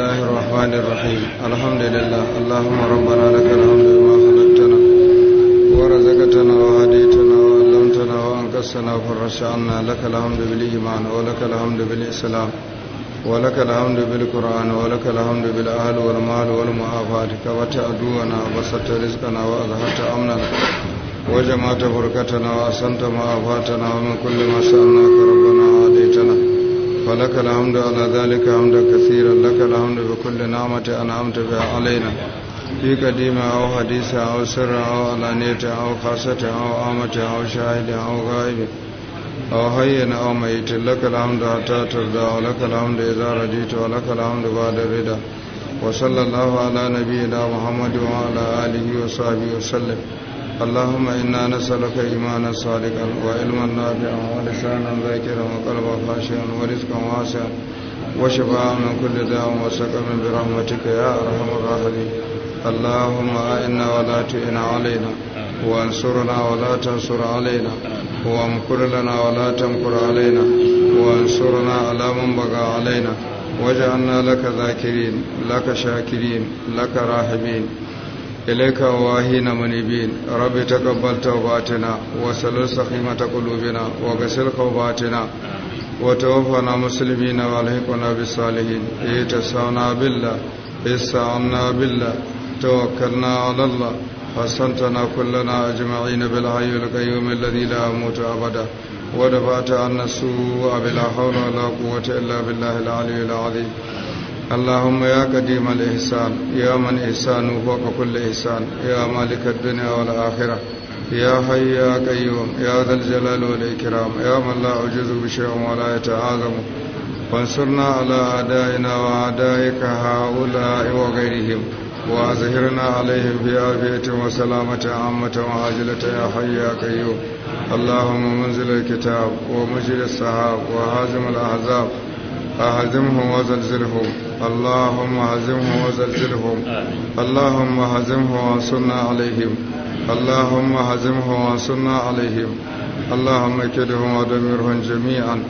الله الرحمن الرحيم الحمد لله اللهم ربنا لك الحمد بما خلقتنا ورزقتنا وهديتنا وعلمتنا وانقذتنا وفرشنا لك الحمد بالإيمان ولك الحمد بالإسلام ولك الحمد بالقرآن ولك الحمد بالأهل والمال والمعافات كبت عدونا وبسطت رزقنا وأظهرت أمننا وجمعت بركتنا وأحسنت معافاتنا ومن كل ما سألناك ربنا وهديتنا فلك الحمد على ذلك حمدا كثيرا لك الحمد بكل نعمة أنعمت بها علينا في قديمة أو حديثة أو سرة أو علانية أو خاصة أو عامة أو شاهد أو غائب أو حي أو ميت لك الحمد حتى ترضى ولك الحمد إذا رجيت ولك الحمد بعد الرضا وصلى الله على نبينا محمد وعلى آله وصحبه وسلم اللهم إنا نسألك إيمانا صادقا وعلما نافعا ولسانا ذاكرا وقلبا خاشعا ورزقا واسعا وشفاء من كل داء وسقم برحمتك يا أرحم الراحمين اللهم آئنا ولا تئن علينا وانصرنا ولا تنصر علينا وامكر لنا ولا تمكر علينا وانصرنا على من بغى علينا واجعلنا لك ذاكرين لك شاكرين لك راحمين إليك واهين منيبين رب تقبل توباتنا وسلل سخيمة قلوبنا وغسل خوباتنا وتوفنا مسلمين والحقنا بالصالحين اتصلنا بالله استعنا بالله توكلنا على الله حسنتنا كلنا أجمعين بالحي القيوم الذي لا موت أبدا ودفعت عنا السوء بلا حول ولا قوة إلا بالله العلي العظيم اللهم يا قديم الإحسان يا من إحسانه فوق كل إحسان يا مالك الدنيا والآخرة يا حي يا قيوم يا ذا الجلال والإكرام يا من لا أجز بشيء ولا يتعاظم فانصرنا على أعدائنا وأعدائك هؤلاء وغيرهم وأظهرنا عليهم في بعافية وسلامة عامة وعاجلة يا حي يا قيوم اللهم منزل الكتاب ومجل الصحاب وهازم الأحزاب أهزمهم وزلزلهم اللهم أهزمهم وزلزلهم اللهم أهزمهم وانصرنا عليهم اللهم أهزمهم وانصرنا عليهم اللهم كدهم ودمرهم جميعا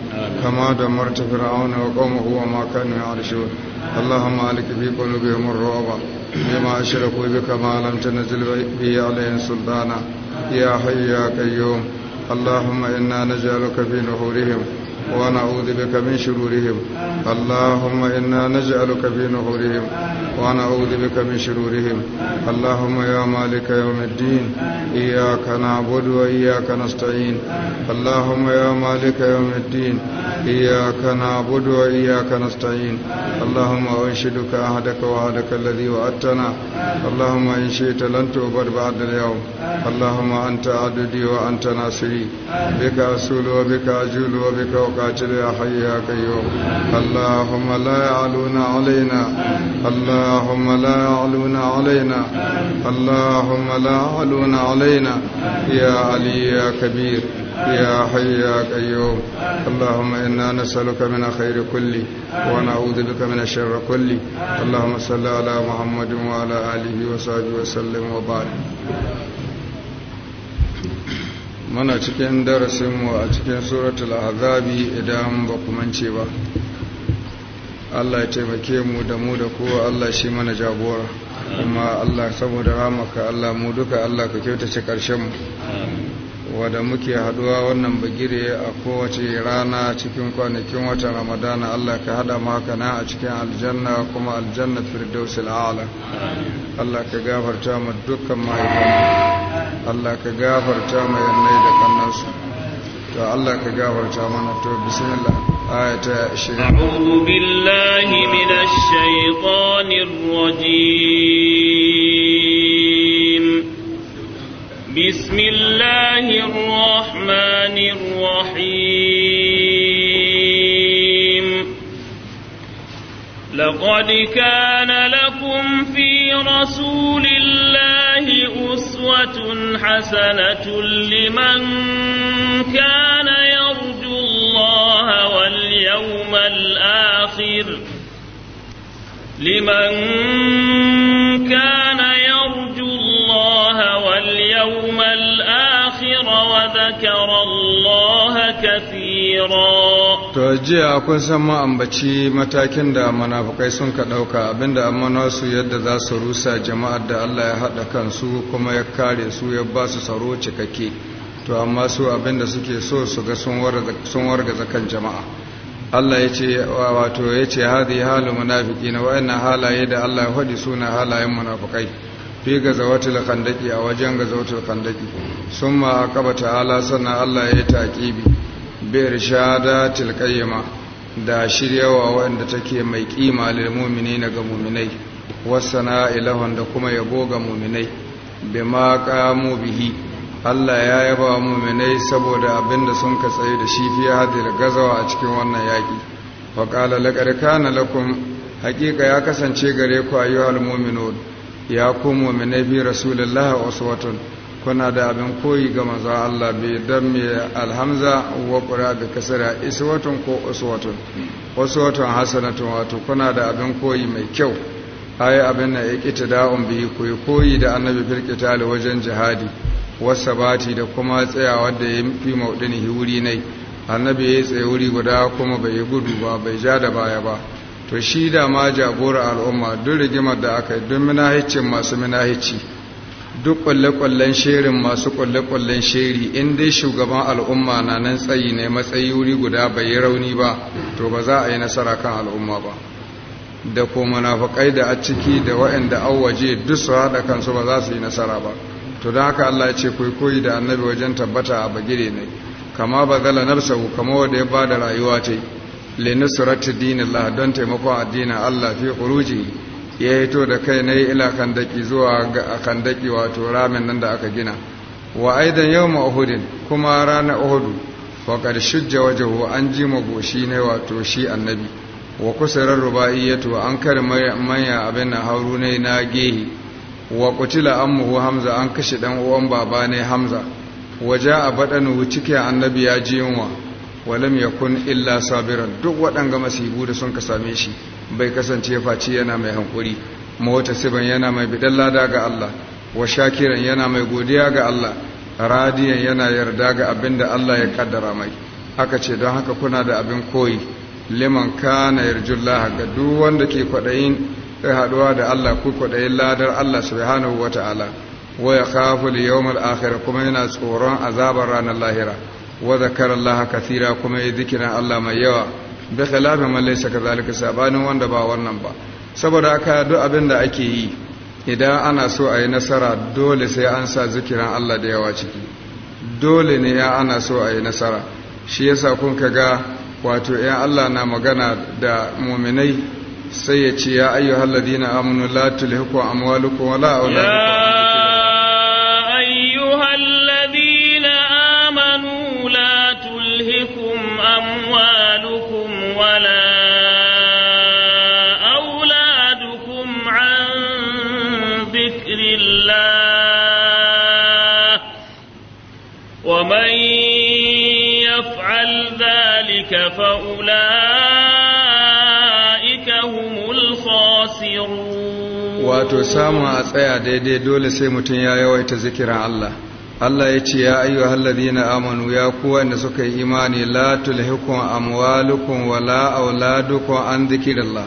كما دمرت فرعون وقومه وما كانوا يعرشون اللهم عليك في قلوبهم الرعب بما أشركوا بك ما لم تنزل به عليهم سلطانا يا حي يا قيوم اللهم إنا نجعلك في نحورهم ونعوذ بك من شرورهم اللهم إنا نجعلك في نحورهم ونعوذ بك من شرورهم اللهم يا مالك يوم الدين إياك نعبد وإياك نستعين اللهم يا مالك يوم الدين إياك نعبد وإياك نستعين اللهم أنشدك أهدك وعدك الذي وعدتنا اللهم إن شئت لن تعبد بعد اليوم اللهم أنت عددي وأنت ناصري بك أسول وبك أجول وبك أقل القاتل يا حي يا قيوم اللهم لا يعلون علينا اللهم لا يعلون علينا اللهم لا يعلون علينا يا علي يا كبير يا حي يا قيوم اللهم إنا نسألك من الخير كله ونعوذ بك من الشر كله اللهم صل على محمد وعلى آله وصحبه وسلم وبارك mana cikin darasinmu a cikin suratul azabi idan ba mance ba Allah ya taimake mu da mu da kowa Allah shi mana jagora kuma Allah saboda ramaka Allah mu duka Allah ka kyautace ƙarshen mu wadda muke haduwa wannan bagire a kowace rana cikin kwanakin watan ramadana Allah ka hada maka na a cikin aljanna kuma aljanna firdausil ala Allah ka gafarta mu dukkan mahaifan Allah ka gafarta mu yannai da kannansu to Allah ka gafarta mana to bismillah aya ta 20 a'udhu billahi minash shaitanir rajim بسم الله الرحمن الرحيم لقد كان لكم في رسول الله أسوة حسنة لمن كان يرجو الله واليوم الآخر لمن كان يرجو الله واليوم الآخر وذكر الله كثيرا to jiya kun san mu ambaci matakin da munafukai sun ka dauka abinda amana su yadda za su rusa jama'ar da Allah ya hada kansu kuma ya kare su ya ba su tsaro cikakke to amma su abinda suke so su ga sun wargaza kan jama'a Allah ya ce wato ya ce hadi halu munafiki na wa'annan halaye da Allah ya faɗi suna halayen munafukai fi zawatul khandaki a wajen zawatul khandaki summa aqaba ta'ala sannan Allah ya yi taqibi bi irshadatil qayyima da shiryawa wanda take mai kima lil na ga mu'minai wasana ilahun da kuma yabo ga mu'minai bima qamu bihi Allah ya yaba wa muminai saboda abin da sun katsaye da shi fiye hadir gazawa a cikin wannan yaƙi faƙala laƙar kana lakum haƙiƙa ya kasance gare ku a ayyuhal mu'minun ya ku muminai bi wasu uswatun kuna da abin koyi ga manzo Allah bi dan mai alhamza wa qura iswatun ko uswatun uswatun hasanatun wato kuna da abin koyi mai kyau ayi abin na iqtida'un bi koyi da annabi fil wajen jihadi wasa bati da kuma tsayawa da ya fi hiwuri wuri nai annabi ya tsaye wuri guda kuma bai yi gudu ba bai ja da baya ba to shi da ma jagora al'umma duk rigimar da aka yi duk minahicin masu minahici duk kwalle-kwallen sherin masu kwalle-kwallen sheri in dai shugaban al'umma na nan tsayi ne matsayi wuri guda bai yi rauni ba to ba za a yi nasara kan al'umma ba da ko munafukai da a ciki da waanda an waje duk su haɗa kansu ba za su yi nasara ba to da haka Allah ya ce ku koyi da annabi wajen tabbata a bagire ne kama ba bazala nafsahu kama wanda ya bada rayuwa ta li nusrati dinillah don taimakon addinin Allah fi khuruji ya hito da kai yi ila daki zuwa ga daki wato ramin nan da aka gina wa aidan yawma uhud kuma rana uhud fa qad shujja wajhu an ji magoshi ne wato shi annabi wa kusarar rubaiyatu an kar manya abin hauru ne na gehi wa kutila ammuhu hamza an kashe dan uwan baba ne hamza waje a badanu cike annabi ya ji yunwa walam yakun illa sabiran duk waɗanga masibu da sun ka same shi bai kasance face yana mai hankuri mota siban yana mai bidan lada ga Allah wa shakiran yana mai godiya ga Allah radiyan yana yarda ga abin da Allah ya kaddara mai aka ce don haka kuna da abin koyi liman kana yarjullaha ga duk wanda ke kwadayin sai haɗuwa da Allah ku kwaɗayin ladar Allah subhanahu wa ta'ala wa ya kafu da yawmal akhir kuma yana tsoron azabar ranar lahira wa zakara Allah kathira kuma ya zikira Allah mai yawa bi khilafin man laysa kadhalika sabanin wanda ba wannan ba saboda haka duk abin da ake yi idan ana so a yi nasara dole sai an sa zikiran Allah da yawa ciki dole ne ya ana so a yi nasara shi yasa kun ga wato 'yan Allah na magana da muminai sai ya ce ya ayyu halladina amanu la tulhiku amwalukum wala auladukum ya ayyu halladina amanu la tulhikum amwalukum wala auladukum an dhikrillah wa man yaf'al dhalika fa ulai to samun a tsaya daidai dole sai mutum ya yawaita zikirin Allah Allah ya ce ya ayyu na amanu ya kuwa inda suka yi imani la tulhikum amwalukum wala auladukum an zikrillah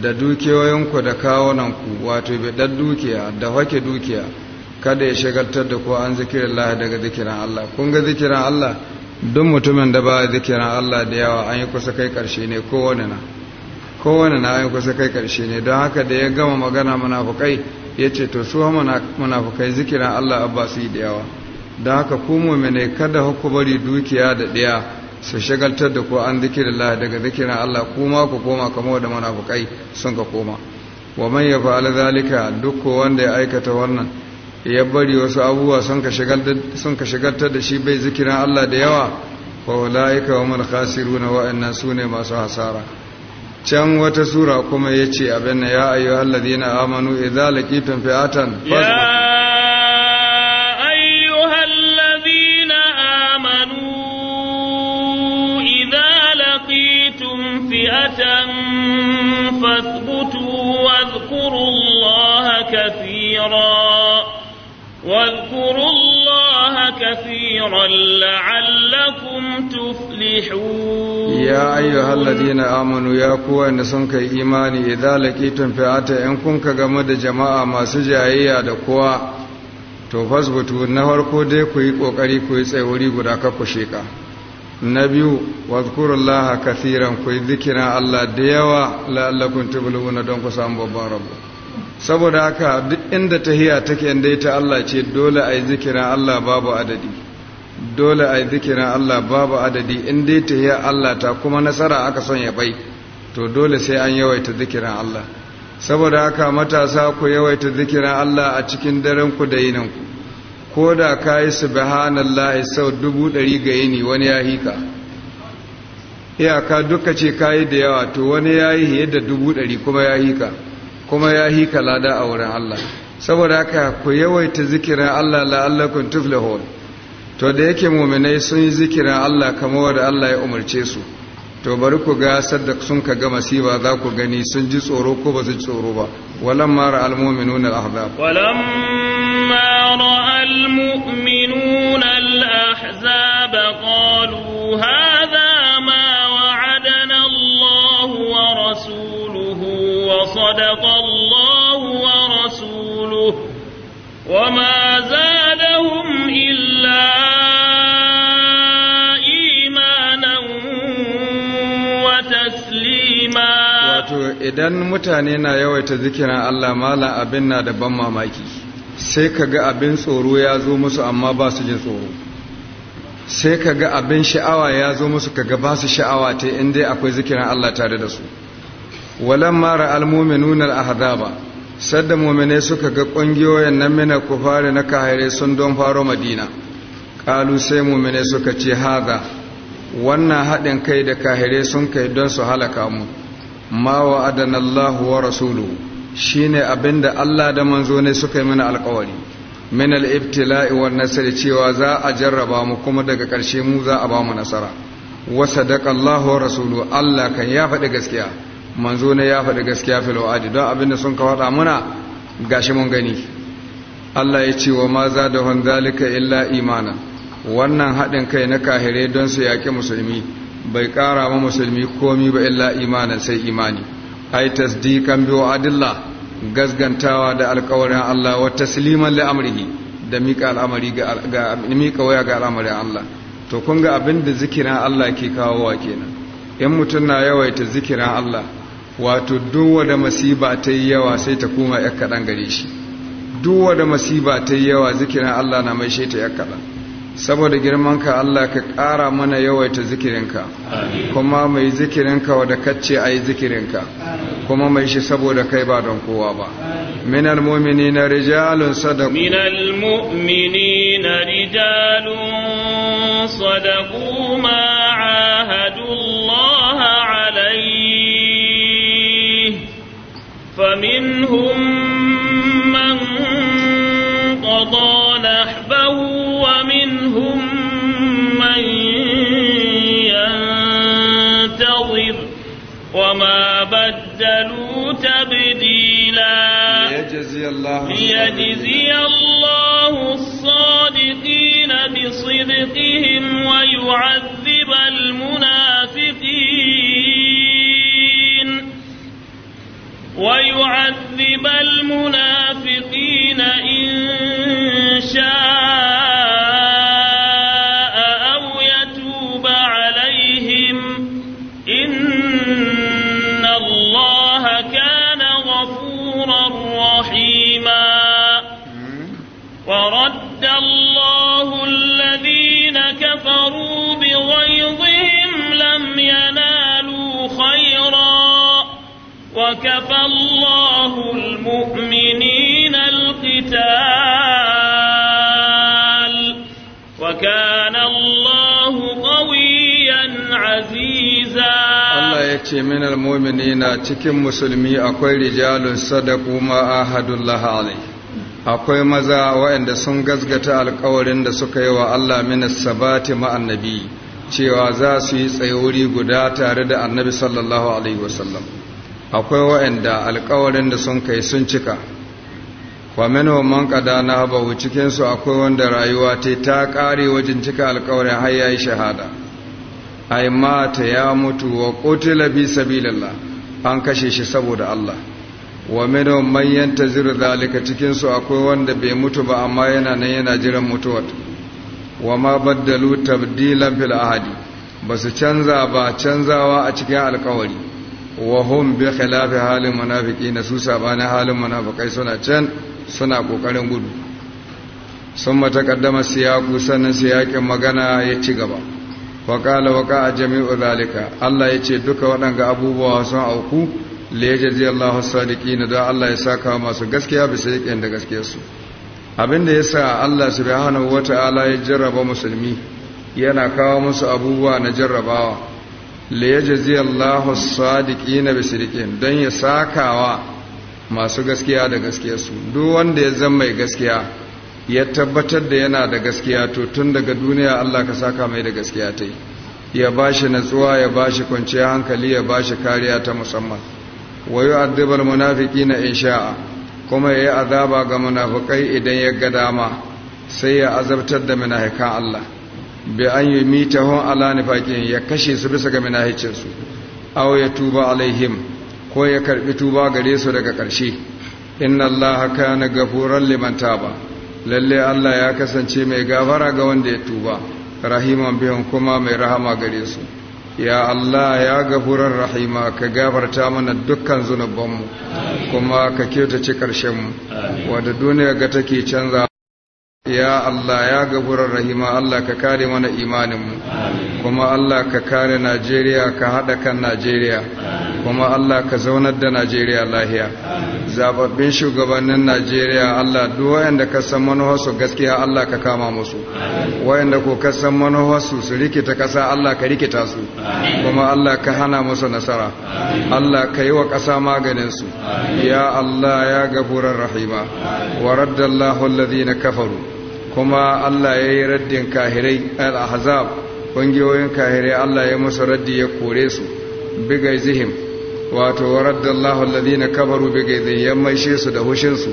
da dukiyoyinku da kawunanku wato bidan dukiya da hake dukiya kada ya shagaltar da ku an zikirin zikrillah daga zikirin Allah kun ga zikirin Allah duk mutumin da ba zikirin Allah da yawa an yi kusa kai karshe ne kowane na kowane na yin kusa kai karshe ne don haka da ya gama magana munafukai ya ce to su munafukai zikiran Allah abba su yi da yawa don haka ku mumine kada ku bari dukiya da ɗaya su shagaltar da ku an zikirin Allah daga zikirin Allah kuma ku koma kamo da munafukai sun ka koma wa man ya fa'ala zalika duk wanda ya aikata wannan ya bari wasu abubuwa sun ka shagaltar da shi bai zikirin Allah da yawa fa ulaika humul khasiruna wa sune masu hasara can wata sura kuma ya ce abin ya ayyu alladhina amanu idza laqitum fi'atan ya ayyuhalladhina amanu idza laqitum fi'atan fathbutu wadhkuru allaha kathira واذكروا الله الله كثيرا لعلكم تفلحون يا أيها الذين آمنوا يا imani إن سنك إيماني إذا لقيتم فئات إن كنك جمد جماعة ما سجايا دكوا to fasbutu na farko dai ku yi ƙoƙari ku yi tsayuri guda ka ku sheka na biyu wazkurullaha kathiran ku yi zikirin Allah da yawa la'allakum tubluna don ku samu babban rabo saboda haka inda tahiya take inda ita Allah ce dole a yi zikirin Allah babu adadi dole a yi zikirin Allah babu adadi inda tahiya Allah ta kuma nasara aka son ya bai to dole sai an yawaita zikirin Allah saboda haka matasa ku yawaita zikirin Allah a cikin daren ku da yinin ku ko da ka yi subhanallahi sau dubu ɗari ga yini wani ya hika iyaka duka ce ka yi da yawa to wani ya yi da dubu ɗari kuma ya hika kuma ya hi lada a wurin Allah saboda haka ku yawaita zikirin Allah la'allakum tuflihun to da yake mu'minai sun yi zikirin Allah kamar wanda Allah ya umarce su to bari ku ga sadda sun ka ga masiba za ku gani sun ji tsoro ko ba su ji tsoro ba walamma ra'al mu'minuna al-ahzab walamma ra'al mu'minuna al-ahzab qalu hadha وصدق الله ورسوله وما زادهم إلا إيمانا وتسليما wato idan mutane na yawaita zikirin Allah malam abin na da ban mamaki sai ka ga abin tsoro ya zo musu amma ba su jin tsoro sai ka ga abin sha'awa ya zo musu ka ga ba su sha'awa ta inda akwai zikirin Allah tare da su walamma ra'al mu'minuna al-ahzaba sadda muminai suka ga kungiyoyin nan mina kufari na kahire sun don faro madina Ƙalu sai mu'mine suka ce haza wannan haɗin kai da kahire sun kai don su halaka mu ma adana Allah wa rasuluhu shine abinda Allah da manzo ne suka yi mana alƙawari min al-ibtila'i wan nasr cewa za a jarraba mu kuma daga ƙarshe mu za a ba mu nasara wa sadaqa Allah wa rasuluhu Allah kan ya faɗi gaskiya manzo ne ya faɗi gaskiya fil wa'adi don abin da sun ka faɗa muna gashi mun gani Allah ya ce wa ma da hon zalika illa imana wannan haɗin kai na kahire don su yaƙi musulmi bai ƙara ma musulmi komi ba illa imanin sai imani ai tasdiqan bi wa'adillah gasgantawa da alkawarin Allah wa tasliman li amrihi da mika al'amari ga mika waya ga al'amarin Allah to kun ga abin da zikirin Allah ke kawo kawowa kenan in mutum na yawaita zikirin Allah wato duwa da masiba ta yi yawa sai ta koma ya kaɗan gare shi duwa da masiba ta yi yawa zikirin Allah na mai shaita ya kaɗan saboda girmanka Allah ka ƙara mana yawaita zikirinka kuma mai zikirinka wadda kacce a yi zikirinka kuma mai shi saboda kai ba don kowa ba من المؤمنين رجال صدقوا من المؤمنين رجال صدقوا ما عاهدوا الله عليه فمنهم من قضى نحبه ومنهم من ينتظر وما بدلوا تبديلا ليجزي الله ليجزي الله الصادقين بصدقهم ويعذب المنافقين ويعذب المنافقين إن شاء أو يتوب عليهم إن الله كان غفورا رحيما ورد الله وكفى الله المؤمنين القتال وكان الله قويا عزيزا Allah ya ce minal na cikin musulmi akwai rijalun sadaku ma ahadullahi alaihi akwai maza waɗanda sun gazgata alkawarin da suka yi wa Allah minas sabati ma'annabi cewa za su yi tsayuri guda tare da annabi sallallahu alaihi wasallam akwai waɗanda alkawarin da sun kai sun cika mino man kada na abawu cikinsu akwai wanda rayuwa ta ta ƙare wajen cika alkawarin har ya yi shahada ai mata ya mutu wa ƙotila bi sabilillah an kashe shi saboda Allah wa mino man yanta zira zalika cikinsu akwai wanda bai mutu ba amma yana nan yana jiran mutuwar wa ma baddalu tabdilan fil ahadi ba su canza ba canzawa a cikin alkawari wahum hum bi halin munafuki na su sabanin halin munafukai suna can suna kokarin gudu sun matakaddama siyaku sannan siyakin magana ya ci gaba wa qala wa jami'u zalika Allah ya ce duka waɗanga abubuwa sun auku li yajzi Allahu sadiqin da Allah ya saka masu gaskiya bisa yakin da gaskiyarsu abinda yasa Allah subhanahu wata'ala ya jarraba musulmi yana kawo musu abubuwa na jarrabawa liyajzi Allahu as-sadiqina bi sidqin dan ya sakawa masu gaskiya da gaskiya su duk wanda ya zama mai gaskiya ya tabbatar da yana da gaskiya to tun daga duniya Allah ka saka mai da gaskiya ta ya bashi natsuwa ya bashi kwanciyar hankali ya bashi kariya ta musamman wayu yu'adhibul munafiqina in sha'a kuma yayi azaba ga munafikai idan ya ga dama sai ya azabtar da munafikan Allah bi an yi mita hon ala nifaƙin ya kashe su bisa ga minahicinsu aw ya tuba alaihim ko ya karbi tuba gare su daga ƙarshe inna Allah haka na gafuran liman taba lalle Allah ya kasance mai gafara ga wanda ya tuba rahiman biyan kuma mai rahama gare su ya Allah ya gafuran rahima ka gafarta mana dukkan zunubanmu kuma ka kyautace ƙarshenmu wadda duniya ga take canza Ya Allah ya gafurar rahima Allah ka kare mana imaninmu kuma Allah ka kare Najeriya ka haɗa kan Najeriya kuma Allah ka zaunar da Najeriya lahiya zababbin shugabannin Najeriya Allah duk wayanda ka san manuwarsu gaskiya Allah ka kama musu wayanda ko ka san manuwarsu su rikita kasa Allah ka rikita su kuma Allah ka hana musu nasara Allah ka yi wa kasa maganin su ya Allah ya gafurar rahima wa raddallahu alladhina kafaru kuma Allah ya yi raddin kahirai al-ahzab kungiyoyin kahirai Allah ya musu raddi ya kore su bigai zihim wato waraddallahu alladhina kafaru bi gaidayyan maishe su da hushin su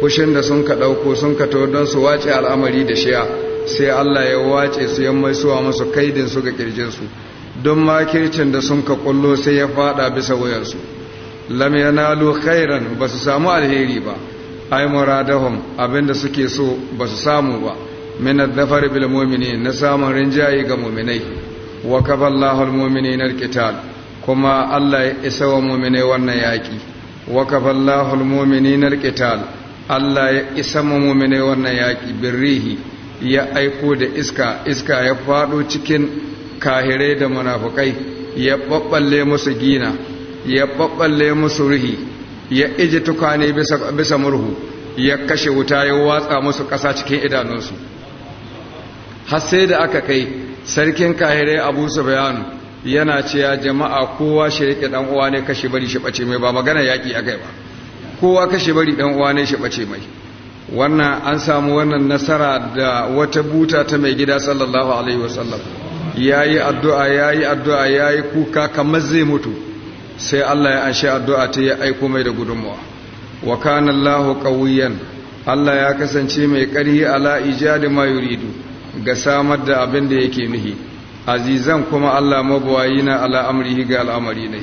hushin da sun ka dauko sun ka to don su wace al'amari da shia sai Allah ya wace su yan maisuwa musu kaidin su ga kirjin su don makircin da sun ka kullo sai ya fada bisa wayar su lam yanalu khairan su samu alheri ba Ai muradahum abinda suke so ba su samu ba min adzafar bil mu'minin na samun rinjayi ga mu'minai wa kaballahu al-mu'minina al-qital kuma Allah ya isa wa mu'mine wannan yaƙi wa kafallahu almu'minina alqital Allah ya isa mu mu'mine wannan yaƙi birrihi ya aiko da iska iska ya faɗo cikin kahirai da munafukai ya babballe musu gina ya babballe musu ruhi ya ije tukane bisa bisa murhu ya kashe wuta ya watsa musu ƙasa cikin idanunsu har sai da aka kai sarkin kahirai Abu Sufyan yana ce ya jama'a kowa shi rike dan uwa ne kashe bari shi bace mai ba magana yaki akai ba kowa kashe bari dan uwa ne shi bace mai wannan an samu wannan nasara da wata buta ta mai gida sallallahu alaihi wasallam yayi addu'a yayi addu'a yayi kuka kamar zai mutu sai Allah ya anshi addu'a ta ya aiko mai da gudunmuwa wa kana Allahu qawiyan Allah ya kasance mai ƙarfi ala ijadi ma yuridu ga samar da abin da yake nihi azizan kuma Allah mabuwayi na al'amrihi ga al'amari ne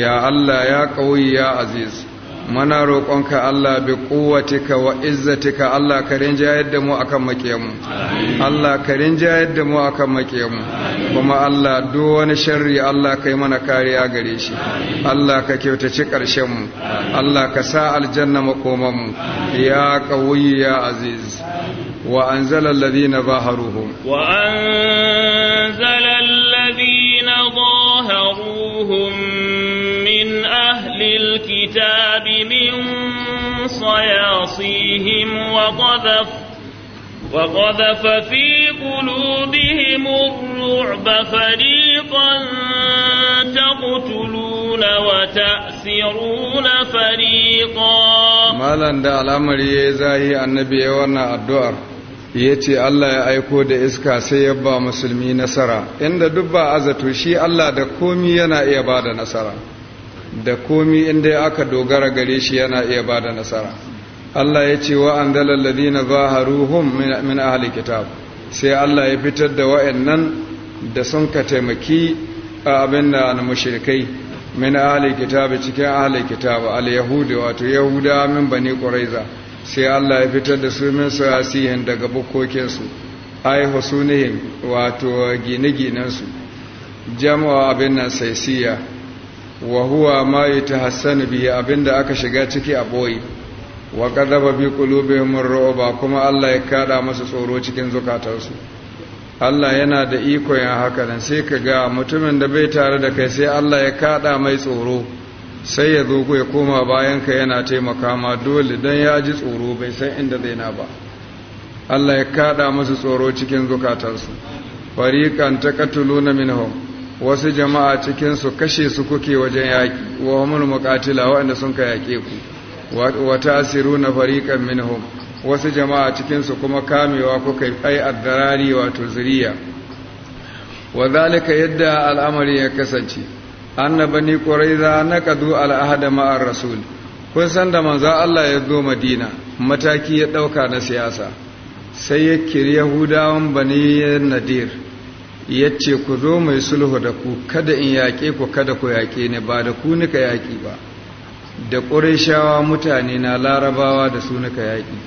ya Allah ya ƙauyi ya aziz mana roƙonka Allah bi ka wa izzatika Allah ka rinjayar da mu akan makiyanmu Allah ka rinjayar da mu akan makiyanmu kuma Allah duk wani sharri Allah kai mana kariya gare shi Allah ka kyautaci ƙarshenmu, Allah ka sa aljanna makomanmu. ya qawiyyu ya aziz wa an anzala na zaharuhum wa أنزل الذين ظاهروهم من أهل الكتاب من صياصيهم وقذف وقذف في قلوبهم الرعب فريقا تقتلون وتأسرون فريقا ما دا الأمر يزاهي النبي وانا الدؤر ya ce Allah ya aiko da iska sai ya ba musulmi nasara inda duk ba azato shi Allah da komi yana iya ba da nasara da komi inda aka dogara gare shi yana iya ba da nasara Allah ya ce wa an dalalladina zaharuhum min ahli kitab sai Allah ya fitar da wa'annan da sun ka taimaki a abin da na mushrikai min ahli kitab cikin ahli kitab al yahudu wato yahuda min bani quraiza sai Allah ya fitar da su min siyan daga bukkokinsu ai husunihim wato gine-ginensu jama'a abin nan siya wa huwa ma yatahassanu bi abinda aka shiga ciki a boye wa qadaba bi qulubihim ar kuma Allah ya kada masa tsoro cikin zukatansu Allah yana da iko yin haka nan sai ka ga mutumin da bai tare da kai sai Allah ya kada mai tsoro sai ya zo ya koma bayan ka yana taimaka ma dole don ya ji tsoro bai san inda zai na ba Allah ya kada masu tsoro cikin zukatansu katulu na minhum wasu jama'a cikin kashe su kuke wajen yaƙi? wa humul muƙatila waɗanda sun ka yaƙe ku wa na farikan minhum wasu jama'a cikin kuma kamewa kuka ai addarari wato zuriya wa yadda al'amari ya kasance annabani quraiza na Kadu ahda ma'ar rasul kun san da manzo Allah ya zo Madina mataki ya ɗauka na siyasa sai ya kiri yahudawan bani nadir ya ce ku zo mai sulhu da ku kada in yaƙe ku kada ku yaƙe ne ba da ku nika yaƙi ba da ƙurishawa mutane na larabawa da su nika yaƙi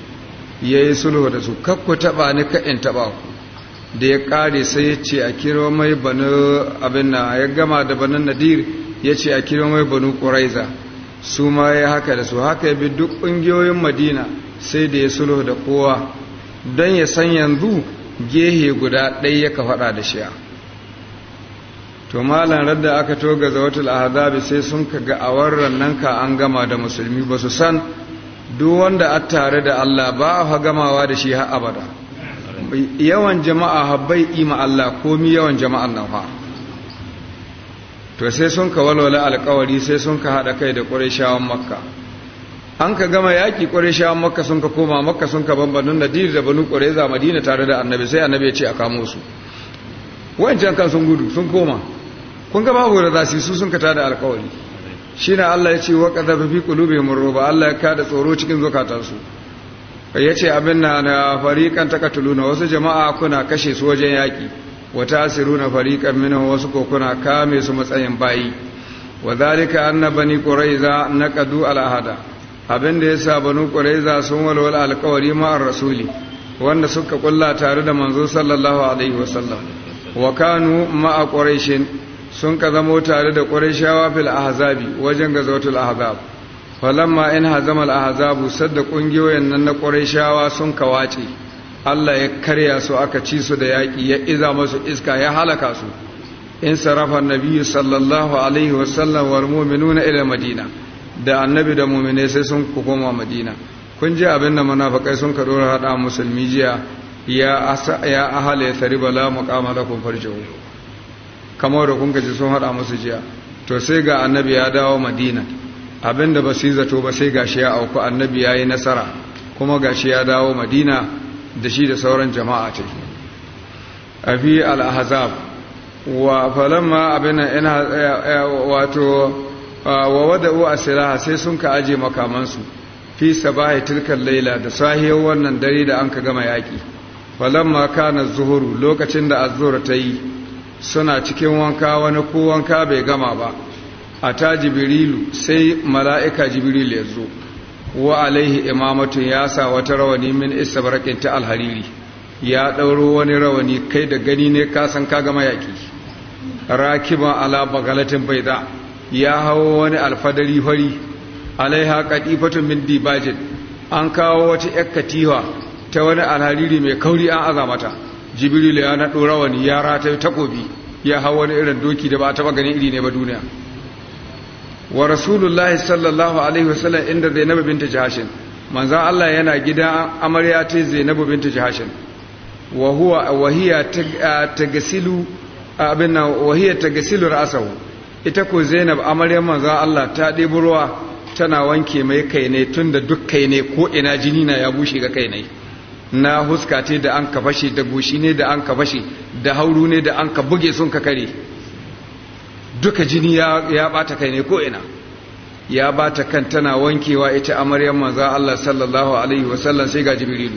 ya yi sulhu da su kakku taɓa ni ka in taɓa ku da ya kare sai ya ce a kiro mai banu abin na ya gama da banu nadir ya ce a kiro mai banu ƙuraiza su ma ya haka da su haka ya bi duk ƙungiyoyin madina sai da ya sulhu da kowa don ya san yanzu gehe guda ɗaya ya ka faɗa da shiya to malam radda aka toga zawatul ahzabi sai sun ka ga awarran nan ka an gama da musulmi ba su san duk wanda a tare da Allah ba a gamawa da shi har abada yawan jama'a habbai ima Allah komi yawan jama'an nan fa to sai sun ka walwala alkawari sai sun ka haɗa kai da ƙurashawan makka an ka gama yaƙi ƙurashawan makka sun ka koma makka sun ka bambanin da da banu ƙureza madina tare da annabi sai annabi ya ce a kamo su wancan kan sun gudu sun koma kun ga babu da zasu su sun ka tada alkawari shine Allah ya ce wa qadaba fi qulubihim ruba Allah ya kada tsoro cikin zukatansu ya ce abin na na fariƙan takatuluna wasu jama'a kuna kashe su wajen yaƙi wa asiru na fariƙan minan wasu ko kuna kame su matsayin bayi wa zalika an na bani ƙuraiza na ƙadu al'ahada abin da ya sa bani ƙuraiza sun walwala alƙawari ma'ar rasuli wanda suka ƙulla tare da manzo sallallahu alaihi wasallam wa kanu ma'a ƙuraishin sun ka zamo tare da ƙuraishawa fil ahzabi wajen gazawatul ahzab falamma in hazamal ahzabu sadda kungiyoyin nan na qurayshawa sun kawace Allah ya karya su aka ci su da yaki ya iza musu iska ya halaka su in sarafa nabiyyu sallallahu alaihi wasallam wal mu'minuna ila madina da annabi da mu'mine sai sun koma madina kun ji abin da munafikai sun ka hada musulmi jiya ya asa ya ahale sariba la muqama lakum farji'u kamar da kun ji sun hada musu jiya to sai ga annabi ya dawo madina abinda ba su yi zato ba sai gashi ya auku annabi ya yi nasara kuma gashi ya dawo madina da shi da sauran jama'a ce a fi al'ahazab wa falamma abin ina eh, eh, wato ah, wa wada'u a silaha sai sun ka aje makamansu fi sabahi tilkan laila da sahiyar wannan dare da an ka gama yaƙi falamma kana zuhuru lokacin da azhur ta yi suna cikin wanka wani ko wanka bai gama ba a ta jibirilu sai mala'ika jibril ya zo wa alaihi imamatun ya sa wata rawani min barakin ta alhariri ya ɗauro wani rawani kai da gani ne kasan kaga mayaƙi rakiban ala bagalatin za ya hawo wani alfadari fari alaiha katifatun min dibajin an kawo wata yar katifa ta wani alhariri mai kauri an azamata. jibiril jibril ya naɗo rawani ya rata takobi ya hawo wani irin doki da ba a taɓa ganin iri ne ba duniya wa rasulullahi sallallahu alaihi wasallam inda zainabu binta jahashin manzan Allah yana gidan amarya ta zainabu binta jahashin wa huwa wahiya tagasilu abin wahiya tagasilu ra'sahu ita ko zainab amarya manzan Allah ta ɗebo ruwa tana wanke mai kai ne tunda duk kai ne ko ina jini na ya bushe ga kai ne na huska ce da an ka fashe da goshi ne da an ka fashe da hauru ne da an ka buge sun ka kare duka jini ya bata kai ne ko ina ya bata kan tana wankewa ita amaryan manzo Allah sallallahu alaihi wasallam sai ga jibril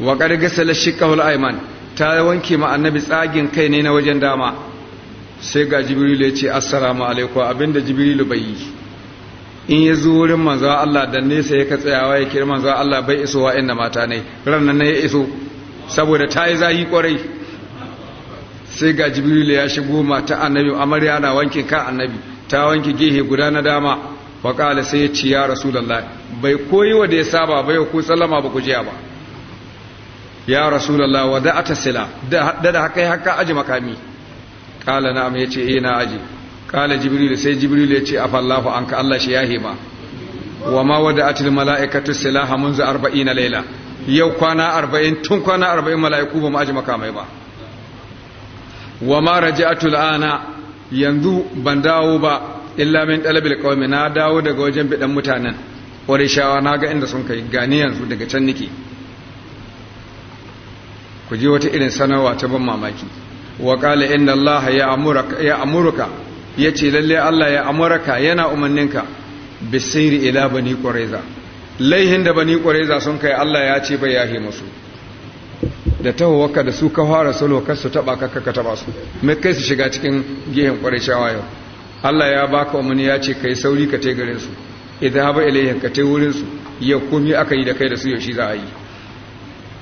wa qad gasala shiqqahul ayman ta wanke ma annabi tsagin kai ne na wajen dama sai ga jibril ya ce assalamu alaikum abinda jibril bai yi in ya zo wurin manzo Allah dan nesa ya ka tsayawa ya kira manzo Allah bai isowa inda mata ne ran nan ya iso saboda ta yi zahi kwarai sai ga jibrilu ya shigo mata annabi amarya na wanke ka annabi ta wanke gehe guda na dama kala sai ya ci ya rasulullahi bai koyi wa da ya saba bai ku sallama ba ku jiya ba ya rasulullahi wa da ata sila da da haka haka aji makami ƙala na'am ya ce eh na aji kala jibrilu sai jibrilu ya ce afallahu an ka Allah shi yahe ma wa ma wada atil mala'ikatu silaha munzu 40 laila yau kwana arba'in tun kwana arba'in mala'iku ba mu aji makamai ba wa ma raja'atu ana yanzu ban dawo ba illa min talabil qaumi na dawo daga wajen bidan mutanen shawa na ga inda sun kai gani yanzu daga can nake ku ji wata irin sanarwa ta ban mamaki wa qala inna allaha ya amuraka ya amuruka yace lalle Allah ya amuraka yana umanninka bisiri ila bani qurayza laihin da bani qurayza sun kai Allah ya ce bai yahi musu da ta waka da su ka fara sulhu kar su taba ka ka taba su mai kai su shiga cikin gehen ƙwarishawa yau Allah ya baka umarni ya ce kai sauri ka tai garin su idan haba ilayhin ka tai wurin su ya komi aka yi da kai da su yaushe za a yi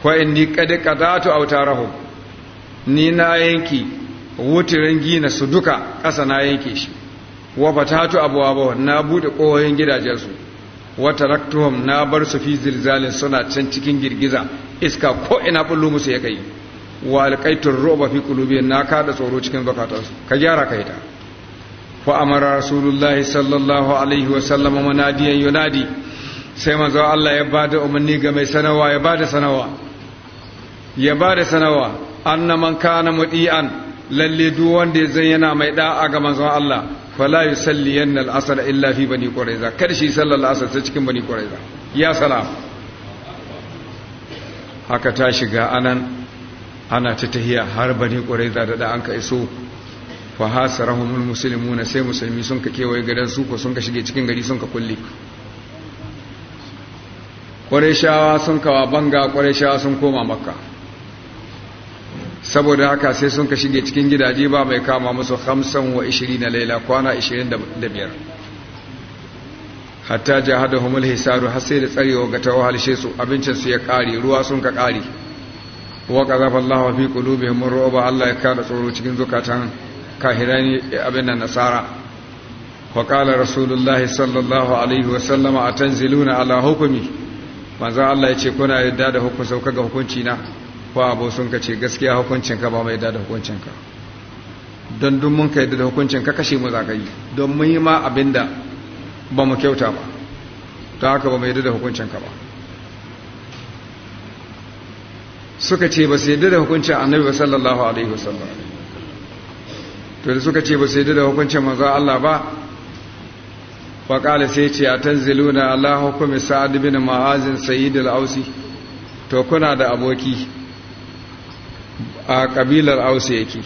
fa inni qad qadatu awtarahum ni na yanki wutirin gina su duka ƙasa na yanke shi wa fatatu ba na bude kohoyin gidajen su Wata taraktuhum na bar su fi zirzalin suna can cikin girgiza iska ko ina bullo musu ya kai wa alƙaitun roba fi qulubihim na kada tsoro cikin zakatansu ka gyara kai ta fa amara rasulullahi sallallahu alaihi wa sallam munadiyan yunadi sai manzo Allah ya bada umarni ga mai sanawa ya bada sanawa ya bada sanawa anna man kana mudi'an lalle duk wanda ya zan yana mai da'a ga manzon Allah fala yusalliyanna al-asr illa fi bani quraiza kada shi sallar asr ta cikin bani quraiza ya salam haka ta shiga anan ana ta tahiya har bani quraiza da da an ka iso fa hasarahumul muslimuna sai musulmi sun ka kewaye gadan su ko sun ka shige cikin gari sun ka kulle quraishawa sun kawa banga quraishawa sun koma makka saboda haka sai sun ka shige cikin gidaje ba mai kama musu hamsin wa ishirin na laila kwana ishirin da biyar hatta jihadar humul hisaru har sai da tsarewa ga tawo halshe su abincinsu ya kare ruwa sun ka ƙare wa ƙazafa Allah wa fi qulubihim ru'ba Allah ya kada tsoro cikin zukatan kahirani abin nan nasara wa qala rasulullahi sallallahu alaihi wa sallama atanziluna ala hukmi manzo Allah ya ce kuna yadda da hukunci sauka ga hukunci na fa abu sun ka ce gaskiya hukuncinka ba mai da hukuncinka don duk mun ka yi da hukuncinka kashe mu za ka yi don mun yi ma abin da ba mu kyauta ba ta haka ba mai yadda da hukuncinka ba suka ce ba su yadda da hukuncin annabi ba sallallahu alaihi wasallam to da suka ce ba su yadda da hukuncin manzo Allah ba faƙali sai ce a tanziluna Allah hukumi sa'ad bin ma'azin sayyid al-ausi to kuna da aboki a ƙabilar ausu yake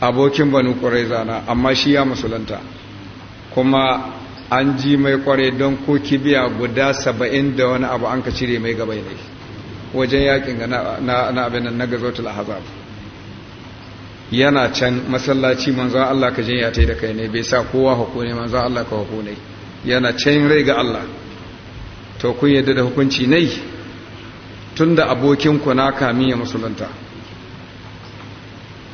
abokin banu ƙwarai zana amma shi ya musulunta kuma an ji mai ƙwarai don ko biya guda saba'in da wani abu an ka cire mai gabai ne wajen yakin ga na abin na yana can masallaci manzo Allah ka jinya tai da kai ne bai sa kowa hukune manzo Allah ka hukune yana can rai ga Allah to kun yadda da hukunci ne tunda abokin ku na ya musulunta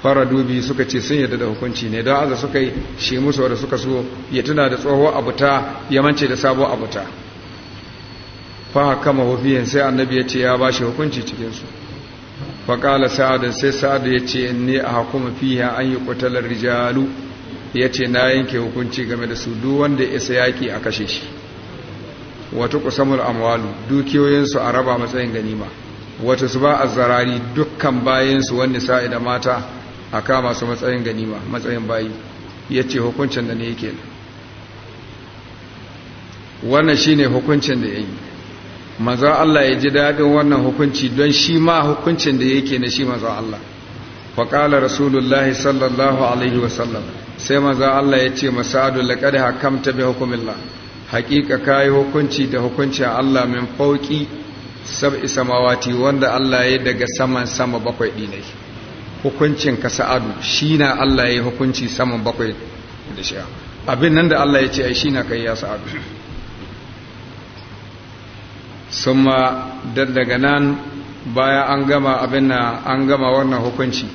faradu dubi suka ce sun yadda da hukunci ne don aza suka yi shi musu wadda suka so ya tuna da tsoho abuta ya mance da sabo abuta fa kama hufiyan sai annabi ya ce ya ba shi hukunci cikinsu faƙala sa'adun sai sa'adu ya ce ne a hakuma fiya an yi kutalar rijalu ya ce na yanke hukunci game da su duk wanda ya isa yaƙi a kashe shi wata kusamul amwalu dukiyoyinsu a raba matsayin ganima wata su ba a zarari dukkan bayansu wani sa'i da mata a kama su matsayin ganima matsayin bayi ya ce hukuncin da ne yake wannan shi ne hukuncin da ya yi manzan Allah ya ji daɗin wannan hukunci don shi ma hukuncin da yake na shi manzan Allah faƙala rasulullah sallallahu alaihi wasallam sai manzan Allah ya ce masadu laƙar hakamta bi hukumillah haƙiƙa ka yi hukunci da hukunci Allah min fauƙi sab'i samawati wanda Allah ya daga saman sama bakwai ɗinai hukuncin ka sa'adu shi na Allah ya yi hukunci saman bakwai da shiya abin nan da Allah ya ce ai shi na kai ya sa'adu sun ma daga nan baya an gama abin na an gama wannan hukunci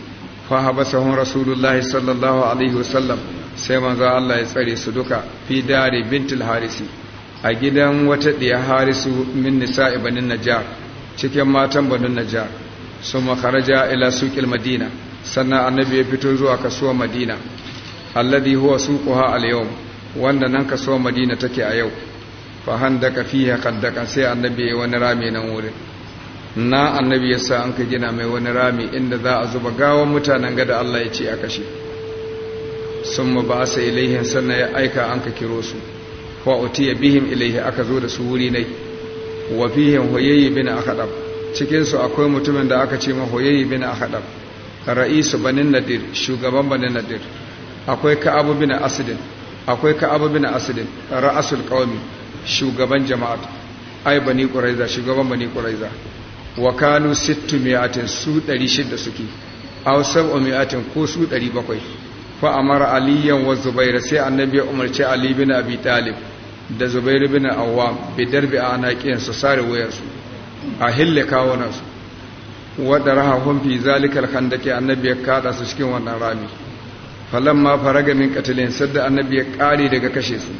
fa sahun rasulullahi sallallahu alaihi wasallam sai manzo Allah ya tsare su duka fi dare bintul harisi a gidan wata diya harisu min nisa ibanin najar cikin matan banin najar summa kharaja ila suqil madina sannan annabi ya fito zuwa kasuwar madina alladhi huwa suquha al-yawm wanda nan kasuwar madina take a yau fa handaka fiha qaddaka sai annabi ya wani rami nan wurin na annabi ya sa an ka gina mai wani rami inda za a zuba gawan mutanen gada Allah ya ce a kashe summa sai ilaihin sannan ya aika an ka kiro su fa utiya bihim ilaihi aka zo da su wuri nai wa fihim huyayy bin akadab cikinsu akwai mutumin da aka ce mahoyayi bin ahadab ra'isu banin nadir shugaban banin nadir akwai ka'abu bin asidin akwai ka'abu bin asidin ra'asul qaumi shugaban jama'at ai bani quraiza shugaban bani quraiza wa kanu 600 su 600 suke aw mi'atin ko su 700 fa amara aliyan wa zubair sai annabi ya umarci ali bin abi talib da zubair bin awwam bi darbi anaqin su sare wayarsu a hille nasu wadda rahahun fi da ke annabi ya kada su cikin wannan rami ma faraga min qatlin sadda annabi ya kare daga kashe su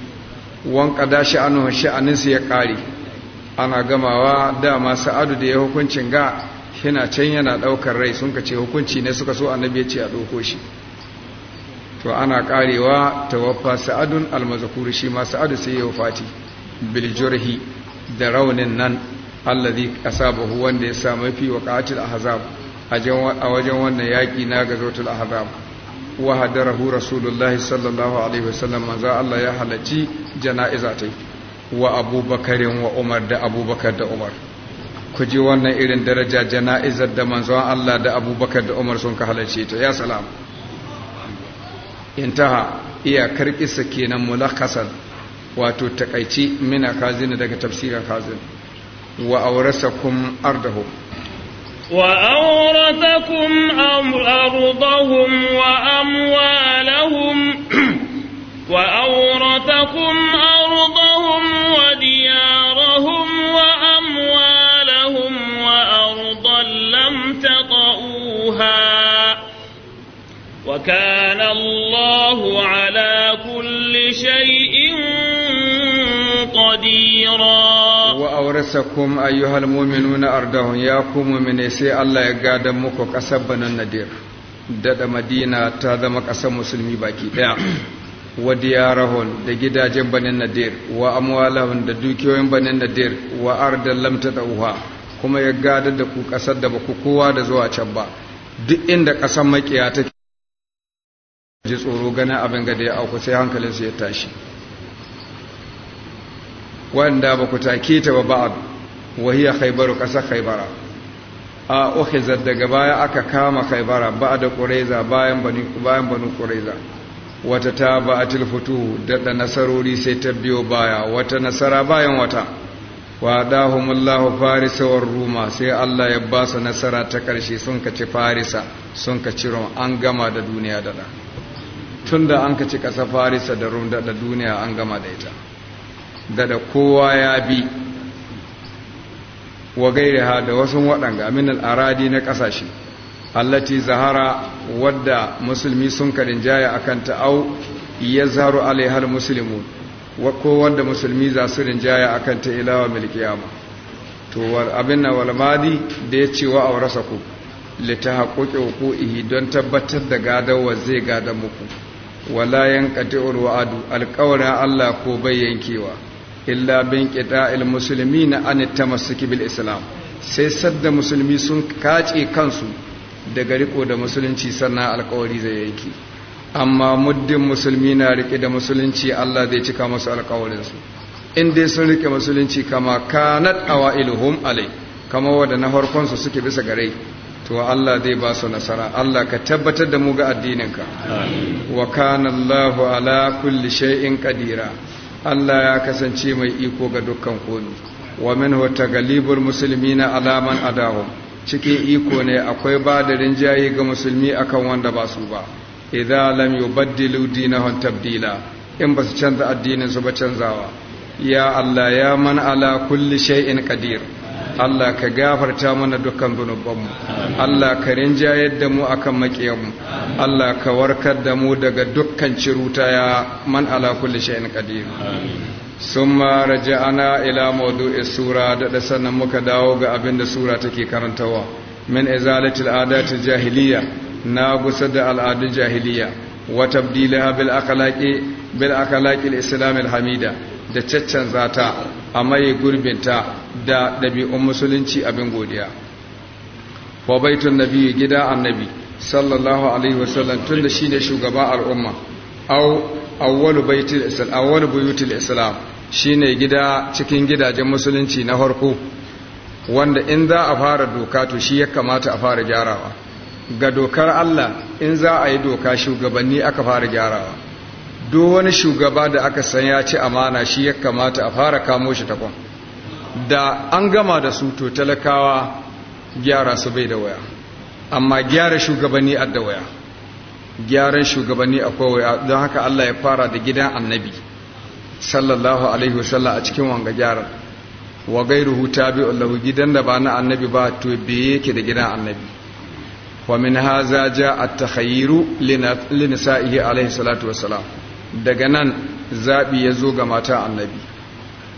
wan qada sha'anu sha'anin su ya kare ana gamawa dama sa'adu da ya hukuncin ga yana can yana daukar rai sun kace hukunci ne suka so annabi ya ce a dauko shi to ana karewa tawaffa sa'adun almazkur shi ma sa'adu sai ya wafati bil jurhi da raunin nan allazi asabahu wanda ya samu fi qatil ahzab a wajen wannan yaki na gazotul ahzab wa hadarahu rasulullahi sallallahu alaihi wasallam manzo Allah ya halacci jana'iza ta wa abubakarin wa umar da abubakar da umar ku ji wannan irin daraja jana'izar da manzon Allah da abubakar da umar sun ka halarci ta ya salam intaha iya karkisa kenan mulakasan wato takaici mina kazini daga tafsirin kazini وأورثكم أرضهم وأورثكم أرضهم وأموالهم وأورثكم أرضهم وديارهم وأموالهم وأرضا لم تطئوها وكان الله على كل شيء قديرا وأورثكم أيها المؤمنون أرضهم ياكم من سي الله يقاد مكو كسبنا النdir daɗa madina ta zama ƙasar musulmi baki ɗaya wa diyarahun da gidajen banin nadir wa amwalahun da dukiyoyin banin nadir wa ardan lamta da kuma ya gadar da ku ƙasar da ba ku kowa da zuwa can ba duk inda ƙasar makiya take ji tsoro ganin abin ga ya auku sai hankalinsu ya tashi wanda ba ku take ta ba ba'ad wahiya khaybaru kasa khaybara a ukhizat daga baya aka kama khaybara da qurayza bayan bani bayan banu qurayza wata atil futu da nasarori sai ta biyo baya wata nasara bayan wata wa dahumullahu farisa war ruma sai Allah ya ba su nasara ta karshe sun ci farisa sun kaci ruma an gama da duniya da da tunda an kaci kasa farisa da rum da duniya an gama da ita da kowa ya bi wa gairaha da wasu waɗanga min al'aradi na ƙasashe allati zahara wadda musulmi sun karin jaya a ta'au ya zaro alaihar musulmi ko wanda musulmi za su rinjaya a kan ta ilawa milkiyama to abin na walmadi da ya ce wa rasa ku lita haƙoƙe don tabbatar da wa zai gada muku wala yan ƙati'ul wa'adu alƙawarin allah ko bai yankewa illa bin qita'il muslimina an tamassuki bil islam sai sadda musulmi sun kace kansu daga riko da musulunci sannan alkawari zai yanki amma muddin musulmi na rike da musulunci Allah zai cika musu alkawarinsu in dai sun rike musulunci kama kanat awailuhum alai kama wanda na farkon su suke bisa gare to Allah zai ba su nasara Allah ka tabbatar da mu ga addininka wa kana Allahu ala kulli shay'in qadira Allah ya kasance mai iko ga dukkan komi wa minhu tagalibul muslimina ala man adahum cikin iko ne akwai badarin jayi ga musulmi akan wanda ba su ba idza lam yubaddilu dinahum tabdila in ba su canza addinin su ba canzawa ya Allah ya man ala kulli shay'in qadir Allah ka gafarta mana dukkan zunubanmu Allah ka rinjayar da mu akan makiyanmu Allah ka warkar da mu daga dukkan ciruta ya man ala kulli shay'in qadir summa raja'ana ila mawdu'i sura da da sannan muka dawo ga abin da sura take karantawa min izalatil adata jahiliya na gusa da al'adun jahiliya wa tabdilaha bil akhlaqi bil al-islam islamil hamida da caccanza ta a maye gurbinta da ɗabi'un musulunci abin godiya wa baitun nabi gida annabi sallallahu alaihi wasallam tun da shine shugaba al'umma au awwalu baitul islam awwalu buyutul islam shine gida cikin gidajen musulunci na farko wanda in za a fara doka to shi ya kamata a fara gyarawa ga dokar Allah in za a yi doka shugabanni aka fara gyarawa duk wani shugaba da aka san ya ci amana shi ya kamata a fara kamo shi takwan da an gama da su to talakawa gyara su bai da waya amma gyara shugabanni a da waya gyaran shugabanni akwai waya don haka Allah ya fara da gidan annabi sallallahu alaihi wasallam a cikin wanga gyaran wa gairuhu tabi'un lahu gidan da ba na annabi ba to be yake da gidan annabi wa min haza ja at-takhayyuru li alaihi salatu wassalam daga nan zaɓi ya zo ga mata annabi